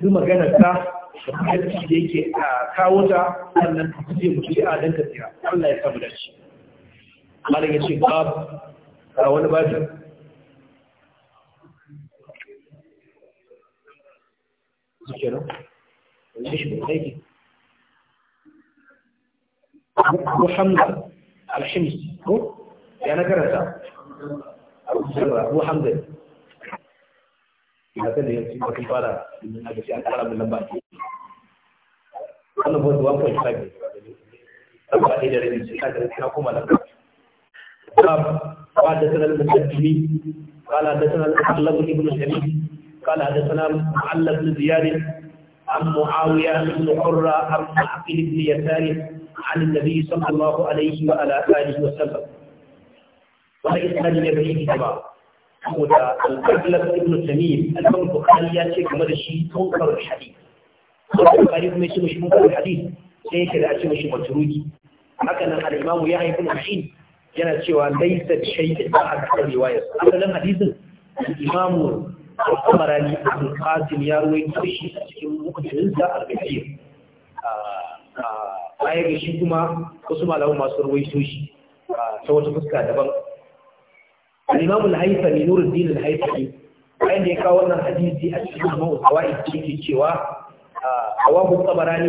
duk magana ta da kuma da yake a kawo ta sannan ka kuje mu bid'a dan ka tsira Allah ya samu dace malam yace A wani babu kenan ya na karanta abu hamdan ya san da kuma da قال حدثنا ابن قال حدثنا معل بن زياد عن معاوية بن حرة عن معقل بن يسار عن النبي صلى الله عليه وعلى آله وسلم وإسناد يبعيه كما ودا القبلة ابن تميم الإمام البخاري يا شيخ مرشي منكر الحديث البخاري ما يسمى منكر الحديث شيخ لا يسمى متروكي هكذا الإمام يحيى بن معين yana cewa laisa da shay'in ba a kan riwayar asalin hadisin imamu al-kamarani abin qasim ya ruwaito shi a cikin mu'jizansa al-kabir baya ga shi kuma wasu malamu masu ruwaito shi ta wata fuska daban al-imam al-haythami nuruddin al-haythami bayan da ya kawo wannan hadisi a cikin mawdu a yake cewa رواه الطبراني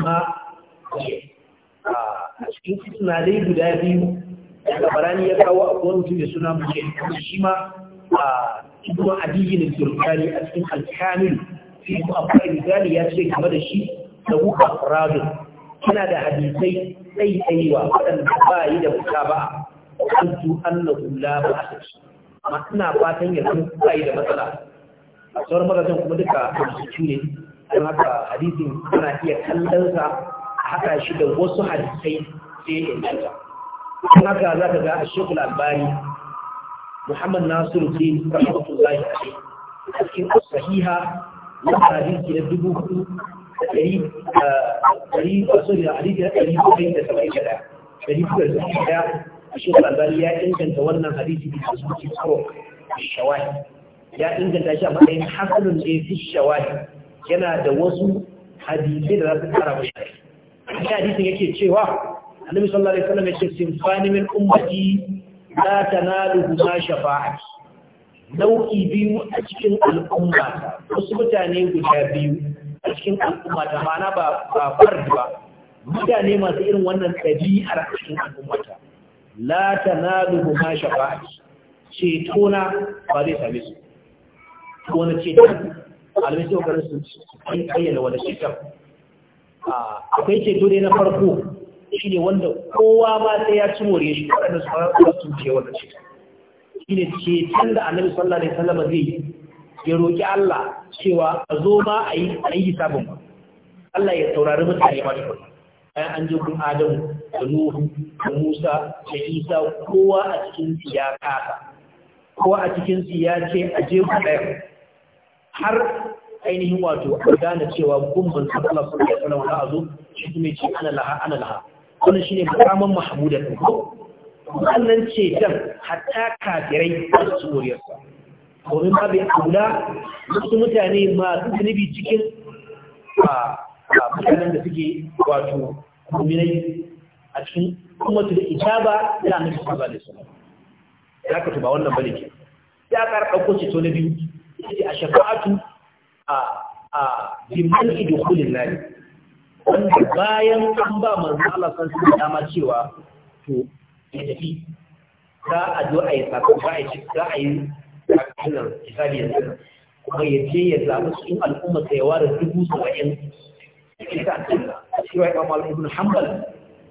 ma. A cikin dai guda biyu da barani ya kawo a mutum da suna mace shi ma ibn adiyin turkani a cikin alkamil fi ku akwai rizali ya ce game da shi da wuka radun da hadisai tsayi tsayiwa waɗanda ba yi da buka ba an su ba a ba amma ina fatan ya zama ba yi da matsala a sauran magazin kuma duka rubutu ne don haka hadisin ana iya kallonsa a haka shi da wasu hadisai sai ya inganta don haka za ka ga a shekul albani muhammad nasiru din rahmatullahi a cikin sahiha na hadisi na dubu hudu sorry na hadisi na da da da da albani ya inganta wannan hadisi da suke tsoro ya inganta shi a matsayin hasanun fi yana da wasu hadisai da za su kara mashi hadisin yake cewa annabi sallallahu alaihi wasallam ya ce min ummati la tanaluhu ma shafa'a nau'i biyu a cikin al'umma wasu mutane guda biyu a cikin al'umma ta mana ba ba fard ba mutane masu irin wannan ɗabi'ar a cikin al'umma ta la tanaluhu ma shafa'a ceto na ba zai same su ko na ceto alamai sai kokarin su ayyana wani ceton akwai ceto dai na farko shi ne wanda kowa ma sai ya ci more shi waɗanda su fara su tuce wannan shi shi ne ceton da annabi sallallahu alaihi wasallam zai yi ya roki Allah cewa a zo ma a yi a yi sabon ba Allah ya taurari mutane ba shi ba an je kun Adamu da Nuhu da Musa da Isa kowa a cikin su ya kasa kowa a cikin su ya ce a je ku ɗaya har ainihin wato a gane cewa gumbin sallallahu alaihi wasallam da a zo shi kuma ce ana laha ana laha wannan shine makaman mahmuda da ko wannan ce dan hatta kafirai su wuriyarsa domin ba bai kula masu mutane ma zunubi cikin a mutanen da suke wato kuminai a cikin kuma su da ijaba da annabi sallallahu alaihi wasallam ya ka tuba wannan bane ke ya ƙara ɗauko ce to na biyu yace a shafa'atu a a bi man nari wanda bayan an ba manzo Allah san su dama cewa to ya tafi za a zo a yi sako za a yi za a yi yanzu kuma ya ce ya zaɓi in al'umma sai ya ware dubu saba'in ita a cikin a cikin wa'in amal ibn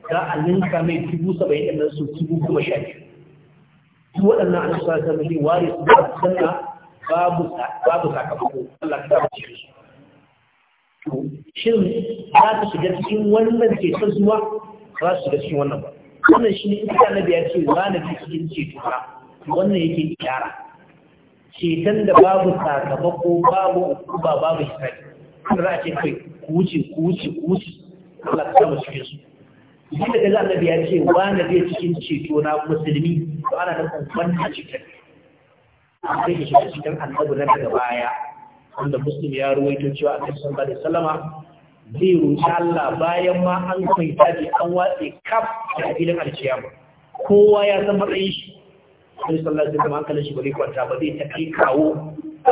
za a ninka mai dubu saba'in ɗin nan su dubu kuma sha biyu su waɗannan an sa ta mai ware su da sanna babu sakamako Allah ta ba su shin za su shiga cikin wannan ceton zuwa ba su shiga cikin wannan ba wannan shi ne in ka na biya ce ba na cikin ceto ba wannan yake kyara Cetan da babu sakamako babu ukuba babu hisabi kuma za a ce kai ku wuce ku wuce ku wuce Allah ta samu cikin su duk da kaza na ya ce wa na biya cikin ceto musulmi to ana da kwan a cikin akwai shi cikin annabi na daga baya wanda muslim ya ruwaito cewa a kan sallallahu alaihi wasallama zai rusa Allah bayan ma an kai tafi an watse kaf a filin alkiyama kowa ya san matsayin shi sai sallallahu zai zama hankalin shi bari kwanta ba zai tafi kawo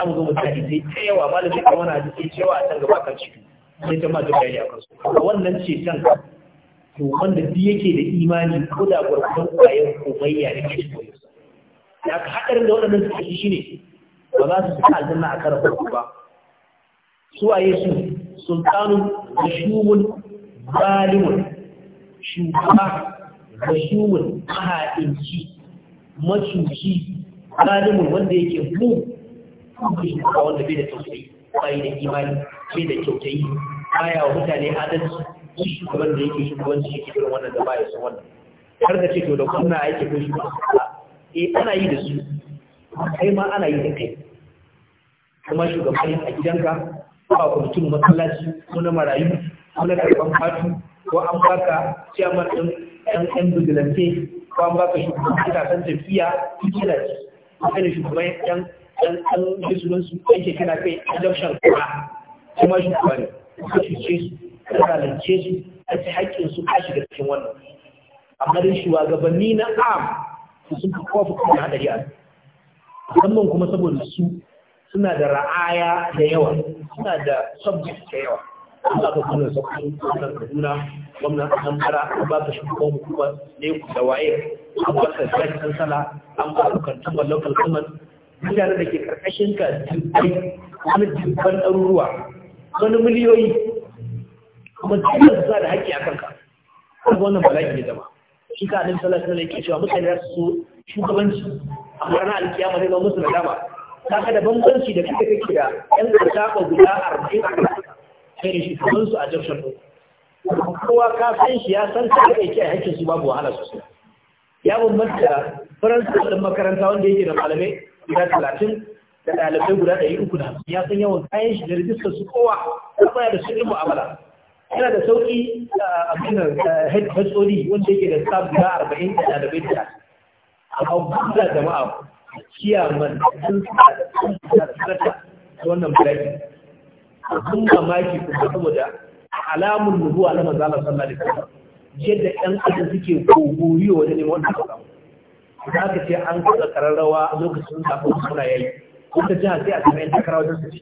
an zo mutane sai ta yawa malam sai kawo na da cewa a can gaba kan ciki sai ta duk bayani akan su a wannan ce can to wanda duk yake da imani ko da gurbanin kwayar komayya da ke cikin ya ka haɗarin da waɗannan suke shi ne ba za su sa aljanna a karan farko ba su waye su sultanun mashumun zalimun shugaba mashumun maha'inci macuci zalimun wanda yake mu kuma shugaba wanda bai da tausayi bai da imani bai da kyautayi baya wa mutane adalci shi shugaban da yake shugabanci yake irin wannan da baya su wannan har da ce to da gwamna yake ko shugaban eh ana yi da su kai ma ana yi da kai kuma shugaban a gidanka ba kwamitin masallaci ko na marayu ko na karban fatu ko an baka ciyaman ɗin ɗan ɗan bigilante ko an baka shugaban kasashen tafiya kila ce ko ne shugaban ɗan ɗan ɗan bisunan su yake kina kai a jamshan kuma kuma shugaba ne ka cuce su ka zalunce su ka ci haƙƙin su ka shiga cikin wannan amma dai shugabanni na am sun fi kofi kuma hadari a musamman kuma saboda su suna da ra'aya da yawa suna da subject da yawa Allah ka kuma sabon da Kaduna gwamnan Anambra an ba ka kuma Kuma ne da waye an ba ka sai kansala an ba ka kantama local government mutane da ke karkashin ka dubbai wani dubban ɗaruruwa wani miliyoyi kuma su sa da haƙƙi a kanka kuma wannan bala'i ne zama shi ka annabi sallallahu alaihi wasallam cewa mutane su shugabanci amma ranar alkiyama zai zama musu dama. kaga da bambanci da kake kake da yan kasa guda arba'in a kai da shi kuma su a jamshan ɗin kowa ka san shi ya san ta kai ke hakkin su babu wahala sosai ya bambanta faransa da makaranta wanda yake da malamai guda talatin da ɗalibai guda ɗari uku da hamsin ya san yawan kayan shi da rijistar su kowa ta baya da su ɗin mu'amala yana da sauƙi a abinan HOD wanda yake da sa guda arba'in da ɗalibai da amma ba jama'a kiyaman sun tsarkata wannan bayani sun mamaki kuma saboda alamun nubuwa na manzo Allah sallallahu alaihi wasallam yadda ɗan adam suke gogoriyo wajen neman wannan abu za ka ce an kaɗa kararrawa lokacin zaɓen suna yayi wata jiha sai a tsaye ta karawa don su ce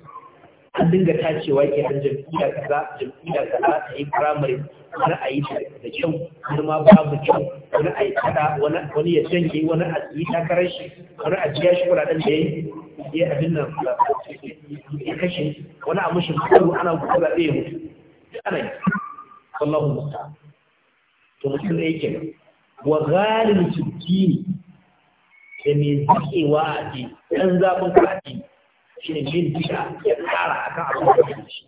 an dinga tacewa ke nan jam'iyya kaza jam'iyya kaza ta yi firamare wani a yi da kyau wani ma babu kyau wani a yi kada wani ya janye wani a yi takarar shi wani a jiya shi kuɗaɗen da ya yi abin nan ya kashe wani a mushin kuru ana kura ɗaya mutu ana yi sallahu musta to mutum ɗaya ke wa galin su da mai zaƙewa a ji ɗan zaɓin kuɗaɗe shi ne yin bida ya tsara akan kan abin da ya fi shi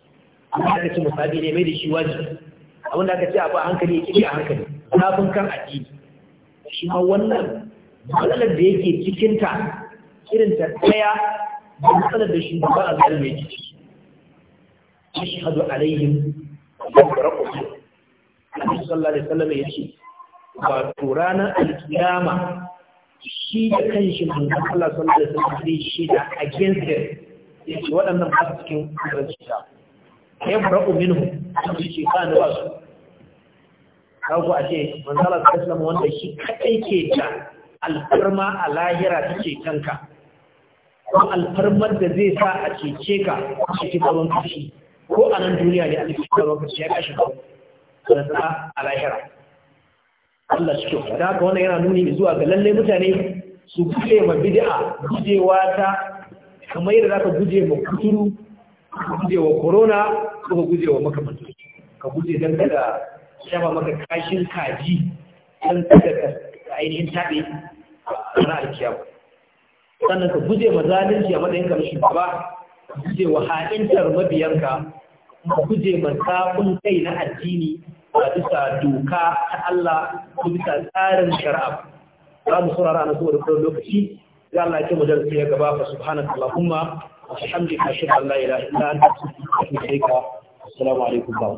amma da ce musabi ne mai da shi wajibi abin da aka ce abu a hankali ya kiri a hankali Na bin kan addini shi ma wannan matsalar da yake cikinta irin ta tsaya da matsalar da shi ba a zalim ya ciki ashhadu alaihim wa barakum Allah sallallahu alaihi wasallam ya ce ba turana alkiyama shi da kanshi manzon Allah sallallahu alaihi wasallam shi da against ya ce waɗannan ba cikin kudurar cuta ka yi fara minu wanda ya ce sa ni ba su kago a ce manzala ta islam wanda shi kaɗai ke ta alfarma a lahira ta ce kanka ko alfarmar da zai sa a cece ka a cikin tsaron kashi ko a nan duniya ne a cikin tsaron kashi ya kashi kawo da tsara a lahira Allah shi kyau da haka wannan yana nuni zuwa ga lallai mutane su kuɗe ma bidi'a gujewa ta kamar yadda za ka guje ma kuturu ka guje wa korona, ko ka guje wa makamantar ka guje don kada shafa maka kashin kaji don kada ka ainihin taɓe a ranar kiyawa sannan ka guje ma zalunci a matsayin kamar shugaba ka guje wa ha'intar mabiyanka ka guje ma sabon kai na addini a bisa doka ta Allah ko bisa tsarin shari'a za mu saurara na saboda kudin lokaci ya Allah ya mu darasi ya gaba fa subhanaka allahumma wa bihamdika ashhadu an la ilaha illa anta astaghfiruka wa assalamu alaikum